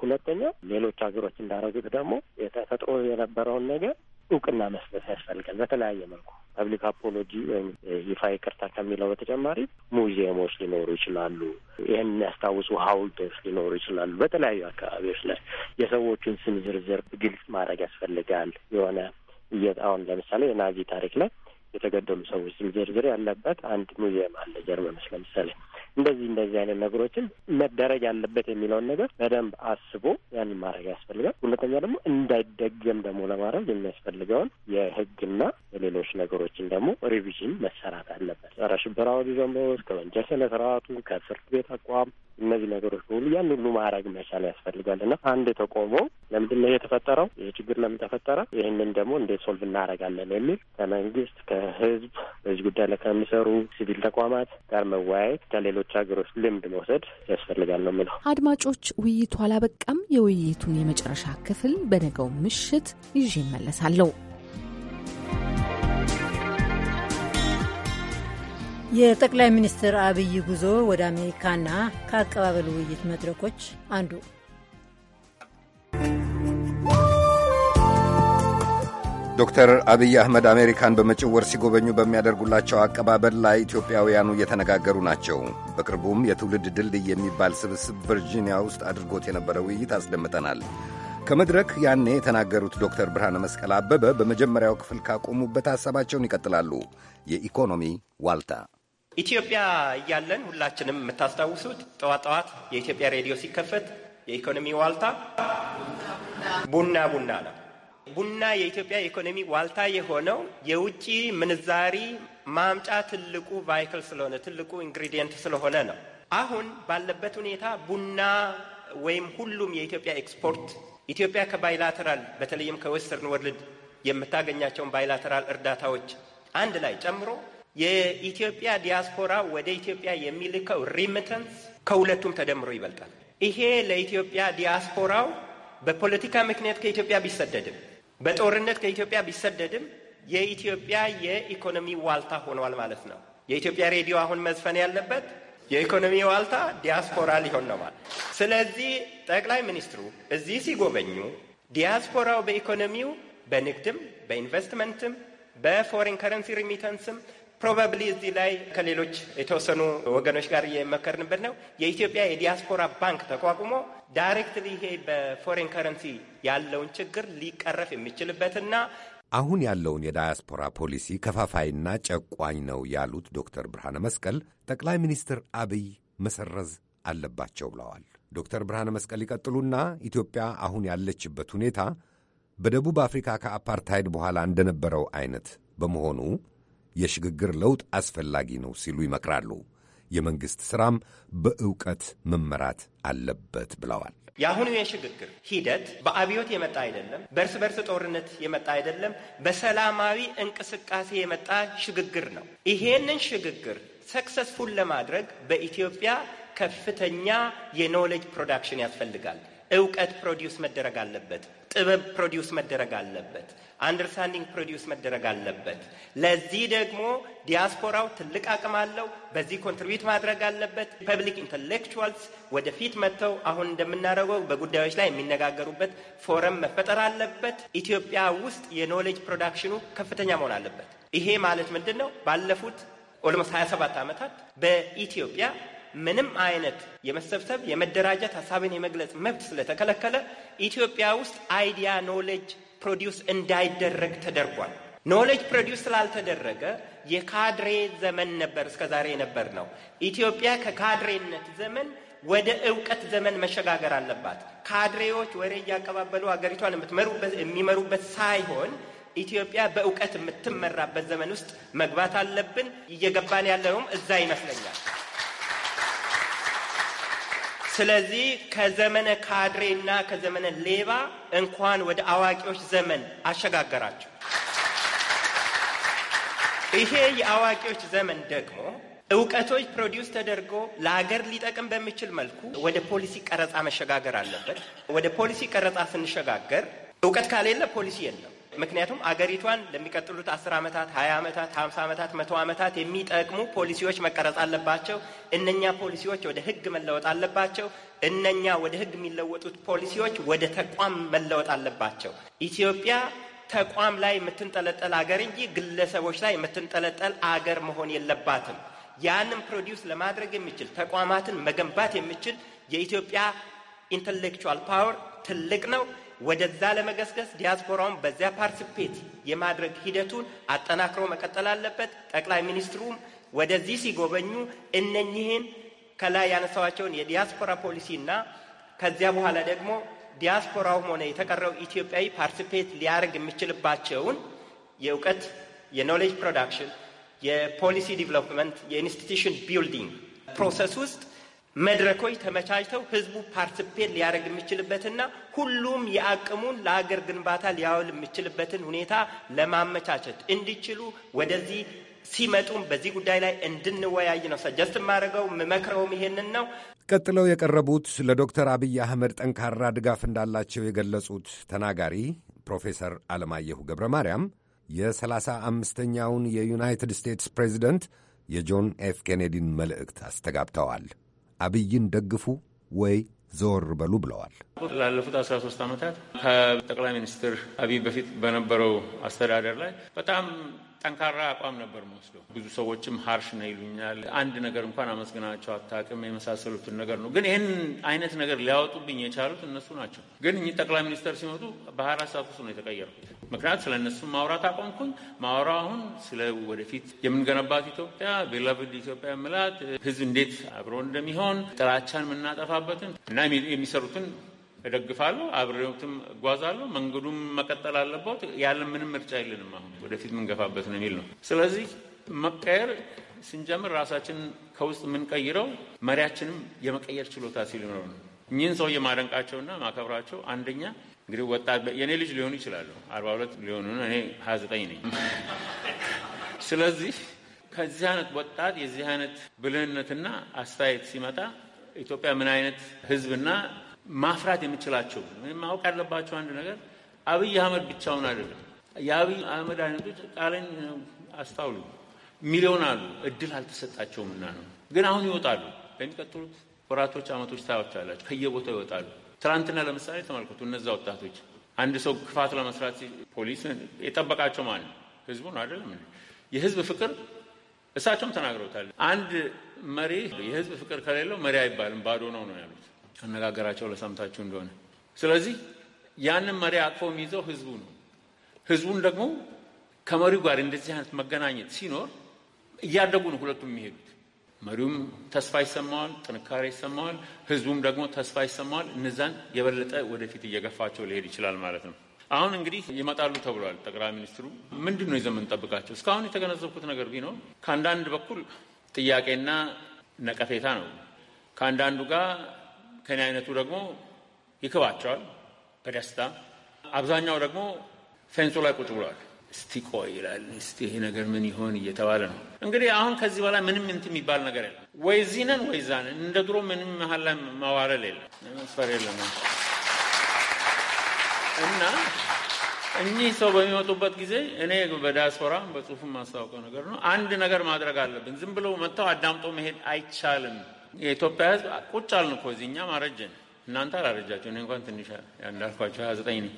ሁለተኛ ሌሎች ሀገሮች እንዳረጉት ደግሞ የተፈጥሮ የነበረውን ነገር እውቅና መስጠት ያስፈልጋል። በተለያየ መልኩ ፐብሊክ አፖሎጂ ወይም ይፋ ይቅርታ ከሚለው በተጨማሪ ሙዚየሞች ሊኖሩ ይችላሉ። ይህን የሚያስታውሱ ሀውልቶች ሊኖሩ ይችላሉ። በተለያዩ አካባቢዎች ላይ የሰዎቹን ስም ዝርዝር ግልጽ ማድረግ ያስፈልጋል። የሆነ አሁን ለምሳሌ የናዚ ታሪክ ላይ የተገደሉ ሰዎች ስም ዝርዝር ያለበት አንድ ሙዚየም አለ ጀርመኖች ለምሳሌ እንደዚህ እንደዚህ አይነት ነገሮችን መደረግ ያለበት የሚለውን ነገር በደንብ አስቦ ያንን ማድረግ ያስፈልጋል። ሁለተኛ ደግሞ እንዳይደገም ደግሞ ለማድረግ የሚያስፈልገውን የህግና የሌሎች ነገሮችን ደግሞ ሪቪዥን መሰራት አለበት። ጸረ ሽብር አዋጁ ጀምሮ እስከ ወንጀል ስነ ስርዓቱ ከፍርድ ቤት አቋም እነዚህ ነገሮች በሙሉ ያን ሁሉ ማድረግ መቻል ያስፈልጋል እና አንድ ተቆሞ ለምንድን ነው የተፈጠረው? ይህ ችግር ለምን ተፈጠረ? ይህንን ደግሞ እንዴት ሶልቭ እናደርጋለን የሚል ከመንግስት ከህዝብ፣ በዚህ ጉዳይ ላይ ከሚሰሩ ሲቪል ተቋማት ጋር መወያየት፣ ከሌሎች ሀገሮች ልምድ መውሰድ ያስፈልጋል ነው የሚለው። አድማጮች፣ ውይይቱ አላበቃም። የውይይቱን የመጨረሻ ክፍል በነገው ምሽት ይዤ እመለሳለሁ። የጠቅላይ ሚኒስትር አብይ ጉዞ ወደ አሜሪካና ከአቀባበል ውይይት መድረኮች አንዱ። ዶክተር አብይ አህመድ አሜሪካን በመጪው ወር ሲጎበኙ በሚያደርጉላቸው አቀባበል ላይ ኢትዮጵያውያኑ እየተነጋገሩ ናቸው። በቅርቡም የትውልድ ድልድይ የሚባል ስብስብ ቨርጂኒያ ውስጥ አድርጎት የነበረ ውይይት አስደምጠናል። ከመድረክ ያኔ የተናገሩት ዶክተር ብርሃነ መስቀል አበበ በመጀመሪያው ክፍል ካቆሙበት ሐሳባቸውን ይቀጥላሉ። የኢኮኖሚ ዋልታ ኢትዮጵያ እያለን ሁላችንም የምታስታውሱት ጠዋት ጠዋት የኢትዮጵያ ሬዲዮ ሲከፈት የኢኮኖሚ ዋልታ ቡና ቡና ነው። ቡና የኢትዮጵያ ኢኮኖሚ ዋልታ የሆነው የውጭ ምንዛሪ ማምጫ ትልቁ ቫይክል ስለሆነ ትልቁ ኢንግሪዲየንት ስለሆነ ነው። አሁን ባለበት ሁኔታ ቡና ወይም ሁሉም የኢትዮጵያ ኤክስፖርት ኢትዮጵያ ከባይላተራል በተለይም ከዌስተርን ወርልድ የምታገኛቸውን ባይላተራል እርዳታዎች አንድ ላይ ጨምሮ የኢትዮጵያ ዲያስፖራ ወደ ኢትዮጵያ የሚልከው ሪሚተንስ ከሁለቱም ተደምሮ ይበልጣል። ይሄ ለኢትዮጵያ ዲያስፖራው በፖለቲካ ምክንያት ከኢትዮጵያ ቢሰደድም፣ በጦርነት ከኢትዮጵያ ቢሰደድም የኢትዮጵያ የኢኮኖሚ ዋልታ ሆኗል ማለት ነው። የኢትዮጵያ ሬዲዮ አሁን መዝፈን ያለበት የኢኮኖሚ ዋልታ ዲያስፖራ ሊሆን ነው ማለት። ስለዚህ ጠቅላይ ሚኒስትሩ እዚህ ሲጎበኙ ዲያስፖራው በኢኮኖሚው በንግድም፣ በኢንቨስትመንትም፣ በፎሬን ከረንሲ ሪሚተንስም ፕሮባብሊ እዚህ ላይ ከሌሎች የተወሰኑ ወገኖች ጋር እየመከርንበት ነው። የኢትዮጵያ የዲያስፖራ ባንክ ተቋቁሞ ዳይሬክትሊ ይሄ በፎሬን ከረንሲ ያለውን ችግር ሊቀረፍ የሚችልበትና አሁን ያለውን የዳያስፖራ ፖሊሲ ከፋፋይና ጨቋኝ ነው ያሉት ዶክተር ብርሃነ መስቀል ጠቅላይ ሚኒስትር አብይ መሰረዝ አለባቸው ብለዋል። ዶክተር ብርሃነ መስቀል ይቀጥሉና ኢትዮጵያ አሁን ያለችበት ሁኔታ በደቡብ አፍሪካ ከአፓርታይድ በኋላ እንደነበረው አይነት በመሆኑ የሽግግር ለውጥ አስፈላጊ ነው ሲሉ ይመክራሉ። የመንግሥት ሥራም በእውቀት መመራት አለበት ብለዋል። የአሁኑ የሽግግር ሂደት በአብዮት የመጣ አይደለም፣ በእርስ በርስ ጦርነት የመጣ አይደለም፣ በሰላማዊ እንቅስቃሴ የመጣ ሽግግር ነው። ይሄንን ሽግግር ሰክሰስፉል ለማድረግ በኢትዮጵያ ከፍተኛ የኖሌጅ ፕሮዳክሽን ያስፈልጋል። እውቀት ፕሮዲውስ መደረግ አለበት። ጥበብ ፕሮዲውስ መደረግ አለበት። አንደርስታንዲንግ ፕሮዲውስ መደረግ አለበት። ለዚህ ደግሞ ዲያስፖራው ትልቅ አቅም አለው። በዚህ ኮንትሪቢዩት ማድረግ አለበት። ፐብሊክ ኢንተሌክቹዋልስ ወደፊት መጥተው አሁን እንደምናደርገው በጉዳዮች ላይ የሚነጋገሩበት ፎረም መፈጠር አለበት። ኢትዮጵያ ውስጥ የኖሌጅ ፕሮዳክሽኑ ከፍተኛ መሆን አለበት። ይሄ ማለት ምንድን ነው? ባለፉት ኦልሞስ 27 ዓመታት በኢትዮጵያ ምንም አይነት የመሰብሰብ የመደራጀት፣ ሀሳብን የመግለጽ መብት ስለተከለከለ ኢትዮጵያ ውስጥ አይዲያ ኖሌጅ ፕሮዲውስ እንዳይደረግ ተደርጓል። ኖሌጅ ፕሮዲውስ ስላልተደረገ የካድሬ ዘመን ነበር እስከ ዛሬ ነበር ነው። ኢትዮጵያ ከካድሬነት ዘመን ወደ እውቀት ዘመን መሸጋገር አለባት። ካድሬዎች ወሬ እያቀባበሉ ሀገሪቷን የሚመሩበት ሳይሆን ኢትዮጵያ በእውቀት የምትመራበት ዘመን ውስጥ መግባት አለብን። እየገባን ያለውም እዛ ይመስለኛል። ስለዚህ ከዘመነ ካድሬና ከዘመነ ሌባ እንኳን ወደ አዋቂዎች ዘመን አሸጋገራቸው። ይሄ የአዋቂዎች ዘመን ደግሞ እውቀቶች ፕሮዲውስ ተደርጎ ለሀገር ሊጠቅም በሚችል መልኩ ወደ ፖሊሲ ቀረጻ መሸጋገር አለበት። ወደ ፖሊሲ ቀረጻ ስንሸጋገር እውቀት ካሌለ ፖሊሲ የለም። ምክንያቱም አገሪቷን ለሚቀጥሉት አስር ዓመታት ሀያ ዓመታት ሀምሳ ዓመታት መቶ ዓመታት የሚጠቅሙ ፖሊሲዎች መቀረጽ አለባቸው። እነኛ ፖሊሲዎች ወደ ህግ መለወጥ አለባቸው። እነኛ ወደ ህግ የሚለወጡት ፖሊሲዎች ወደ ተቋም መለወጥ አለባቸው። ኢትዮጵያ ተቋም ላይ የምትንጠለጠል አገር እንጂ ግለሰቦች ላይ የምትንጠለጠል አገር መሆን የለባትም። ያንን ፕሮዲውስ ለማድረግ የሚችል ተቋማትን መገንባት የሚችል የኢትዮጵያ ኢንተሌክቹዋል ፓወር ትልቅ ነው። ወደዛ ለመገስገስ ዲያስፖራውን በዚያ ፓርቲስፔት የማድረግ ሂደቱን አጠናክሮ መቀጠል አለበት። ጠቅላይ ሚኒስትሩም ወደዚህ ሲጎበኙ እነኚህን ከላይ ያነሳዋቸውን የዲያስፖራ ፖሊሲና ከዚያ በኋላ ደግሞ ዲያስፖራውም ሆነ የተቀረው ኢትዮጵያዊ ፓርቲስፔት ሊያደርግ የሚችልባቸውን የእውቀት የኖሌጅ ፕሮዳክሽን፣ የፖሊሲ ዲቨሎፕመንት፣ የኢንስቲትዩሽን ቢልዲንግ ፕሮሰስ ውስጥ መድረኮች ተመቻችተው ህዝቡ ፓርቲስፔት ሊያደርግ የሚችልበትና ሁሉም የአቅሙን ለአገር ግንባታ ሊያውል የሚችልበትን ሁኔታ ለማመቻቸት እንዲችሉ ወደዚህ ሲመጡም በዚህ ጉዳይ ላይ እንድንወያይ ነው ሰጀስት የማደርገው የምመክረውም ይሄንን ነው። ቀጥለው የቀረቡት ለዶክተር አብይ አህመድ ጠንካራ ድጋፍ እንዳላቸው የገለጹት ተናጋሪ ፕሮፌሰር አለማየሁ ገብረ ማርያም የሰላሳ አምስተኛውን የዩናይትድ ስቴትስ ፕሬዚደንት የጆን ኤፍ ኬኔዲን መልእክት አስተጋብተዋል። አብይን ደግፉ ወይ ዘወር በሉ ብለዋል። ላለፉት 13 ዓመታት ከጠቅላይ ሚኒስትር አብይ በፊት በነበረው አስተዳደር ላይ በጣም ጠንካራ አቋም ነበር መወስዶ። ብዙ ሰዎችም ሀርሽ ነው ይሉኛል። አንድ ነገር እንኳን አመስግናቸው አታውቅም የመሳሰሉትን ነገር ነው። ግን ይህን አይነት ነገር ሊያወጡብኝ የቻሉት እነሱ ናቸው። ግን እኚህ ጠቅላይ ሚኒስተር ሲመጡ በሀራ ሰዓት ውስጥ ነው የተቀየርኩት። ምክንያት ስለ እነሱም ማውራት አቆምኩኝ። ማውራ አሁን ስለ ወደፊት የምንገነባት ኢትዮጵያ ቤላቭድ ኢትዮጵያ ምላት ህዝብ እንዴት አብሮ እንደሚሆን ጥላቻን የምናጠፋበትን እና የሚሰሩትን እደግፋለሁ፣ አብሬትም እጓዛለሁ። መንገዱም መቀጠል አለበት። ያለን ምንም ምርጫ የለንም። አሁን ወደፊት የምንገፋበት ነው የሚል ነው። ስለዚህ መቀየር ስንጀምር ራሳችን ከውስጥ የምንቀይረው መሪያችንም የመቀየር ችሎታ ሲል ነው። እኚህን ሰው የማደንቃቸውና ማከብራቸው አንደኛ እንግዲህ ወጣት የእኔ ልጅ ሊሆኑ ይችላሉ። አርባ ሁለት ሊሆኑ እኔ ሀያ ዘጠኝ ነኝ። ስለዚህ ከዚህ አይነት ወጣት የዚህ አይነት ብልህነትና አስተያየት ሲመጣ ኢትዮጵያ ምን አይነት ህዝብና ማፍራት የምችላቸው ማወቅ ያለባቸው አንድ ነገር አብይ አህመድ ብቻውን አይደለም። የአብይ አህመድ አይነቶች ቃለኝ አስታውሉ ሚሊዮን አሉ። እድል አልተሰጣቸውምና ነው። ግን አሁን ይወጣሉ። በሚቀጥሉት ወራቶች፣ አመቶች ታያቸው አላቸው። ከየቦታው ይወጣሉ። ትናንትና ለምሳሌ ተመልከቱ። እነዛ ወጣቶች አንድ ሰው ክፋት ለመስራት ፖሊስ የጠበቃቸው ማን ነው? ህዝቡ ነው አይደለም? የህዝብ ፍቅር እሳቸውም ተናግረውታል። አንድ መሪ የህዝብ ፍቅር ከሌለው መሪ አይባልም፣ ባዶ ነው ነው ያሉት። አነጋገራቸው ለሰምታችሁ እንደሆነ ስለዚህ ያንን መሪ አቅፎ የሚይዘው ህዝቡ ነው። ህዝቡን ደግሞ ከመሪው ጋር እንደዚህ አይነት መገናኘት ሲኖር እያደጉ ነው ሁለቱም የሚሄዱ መሪውም ተስፋ ይሰማዋል፣ ጥንካሬ ይሰማዋል። ህዝቡም ደግሞ ተስፋ ይሰማዋል። እነዛን የበለጠ ወደፊት እየገፋቸው ሊሄድ ይችላል ማለት ነው። አሁን እንግዲህ ይመጣሉ ተብሏል። ጠቅላይ ሚኒስትሩ ምንድን ነው ይዘን የምንጠብቃቸው? እስካሁን የተገነዘብኩት ነገር ቢኖር ከአንዳንድ በኩል ጥያቄና ነቀፌታ ነው። ከአንዳንዱ ጋር ከኔ አይነቱ ደግሞ ይክባቸዋል በደስታ አብዛኛው ደግሞ ፌንሶ ላይ ቁጭ ብሏል። እስቲ ቆይ ይላል። እስቲ ይሄ ነገር ምን ይሆን እየተባለ ነው እንግዲህ። አሁን ከዚህ በኋላ ምንም እንትን የሚባል ነገር የለም። ወይ እዚህ ነን ወይ እዛ ነን። እንደ ድሮ ምንም መሀል ላይ ማዋለል የለም፣ መስፈር የለም እና እኚህ ሰው በሚመጡበት ጊዜ እኔ በዲያስፖራ በጽሁፍ ማስታወቀው ነገር ነው። አንድ ነገር ማድረግ አለብን። ዝም ብለው መጥተው አዳምጦ መሄድ አይቻልም። የኢትዮጵያ ሕዝብ ቁጭ አልን እኮ እዚህ እኛም አረጀን። እናንተ አላረጃቸው እኔ እንኳን ትንሽ እንዳልኳቸው ሀያ ዘጠኝ ነኝ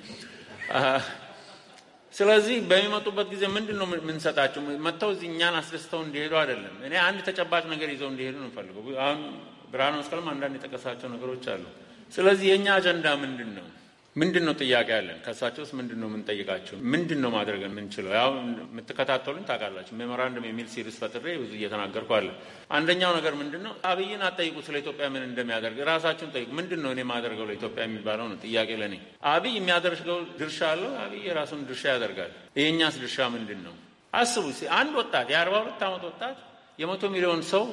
ስለዚህ በሚመጡበት ጊዜ ምንድን ነው የምንሰጣቸው? መጥተው እዚህ እኛን አስደስተው እንዲሄዱ አይደለም። እኔ አንድ ተጨባጭ ነገር ይዘው እንዲሄዱ ነው ፈልገው። አሁን ብርሃን መስቀልም አንዳንድ የጠቀሳቸው ነገሮች አሉ። ስለዚህ የእኛ አጀንዳ ምንድን ነው? ምንድን ነው ጥያቄ ያለን ከእሳቸው ውስጥ ምንድን ነው የምንጠይቃቸው? ምንድን ነው ማድረግ የምንችለው? ያው የምትከታተሉን ታውቃላችሁ። ሜሞራንድም የሚል ሲሪስ ፈጥሬ ብዙ እየተናገርኩ አለ። አንደኛው ነገር ምንድን ነው አብይን አጠይቁ፣ ስለ ኢትዮጵያ ምን እንደሚያደርግ ራሳችሁን ጠይቁ። ምንድን ነው እኔ ማደርገው ለኢትዮጵያ የሚባለው ነው ጥያቄ ለእኔ። አብይ የሚያደርገው ድርሻ አለው። አብይ የራሱን ድርሻ ያደርጋል። የእኛስ ድርሻ ምንድን ነው? አስቡ። አንድ ወጣት የአርባ ሁለት ዓመት ወጣት የመቶ ሚሊዮን ሰው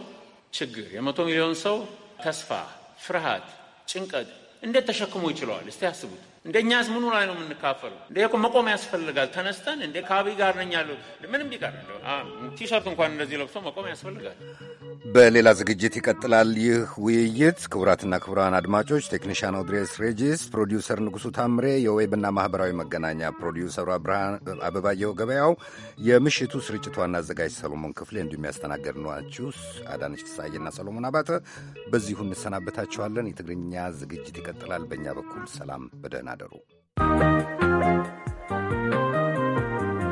ችግር፣ የመቶ ሚሊዮን ሰው ተስፋ፣ ፍርሃት፣ ጭንቀት እንዴት ተሸክሞ ይችለዋል? እስቲ አስቡት። እንደኛስ ምኑ ላይ ነው የምንካፈሉ? እንደ መቆም ያስፈልጋል። ተነስተን እንደ ከአብይ ጋር ነኝ ያሉ ምንም ቢቀር ቲሸርት እንኳን እንደዚህ ለብሶ መቆም ያስፈልጋል። በሌላ ዝግጅት ይቀጥላል ይህ ውይይት። ክቡራትና ክቡራን አድማጮች፣ ቴክኒሽያን ኦድሬስ ሬጂስ፣ ፕሮዲውሰር ንጉሱ ታምሬ፣ የዌብና ማኅበራዊ መገናኛ ፕሮዲውሰሩ አበባየሁ ገበያው፣ የምሽቱ ስርጭት ዋና አዘጋጅ ሰሎሞን ክፍሌ እንዲሁም ያስተናገድ ናችሁ አዳነች ፍስሐዬና ሰሎሞን አባተ በዚሁ እንሰናበታችኋለን። የትግርኛ ዝግጅት ይቀጥላል። በእኛ በኩል ሰላም፣ በደህና ደህና አደሩ።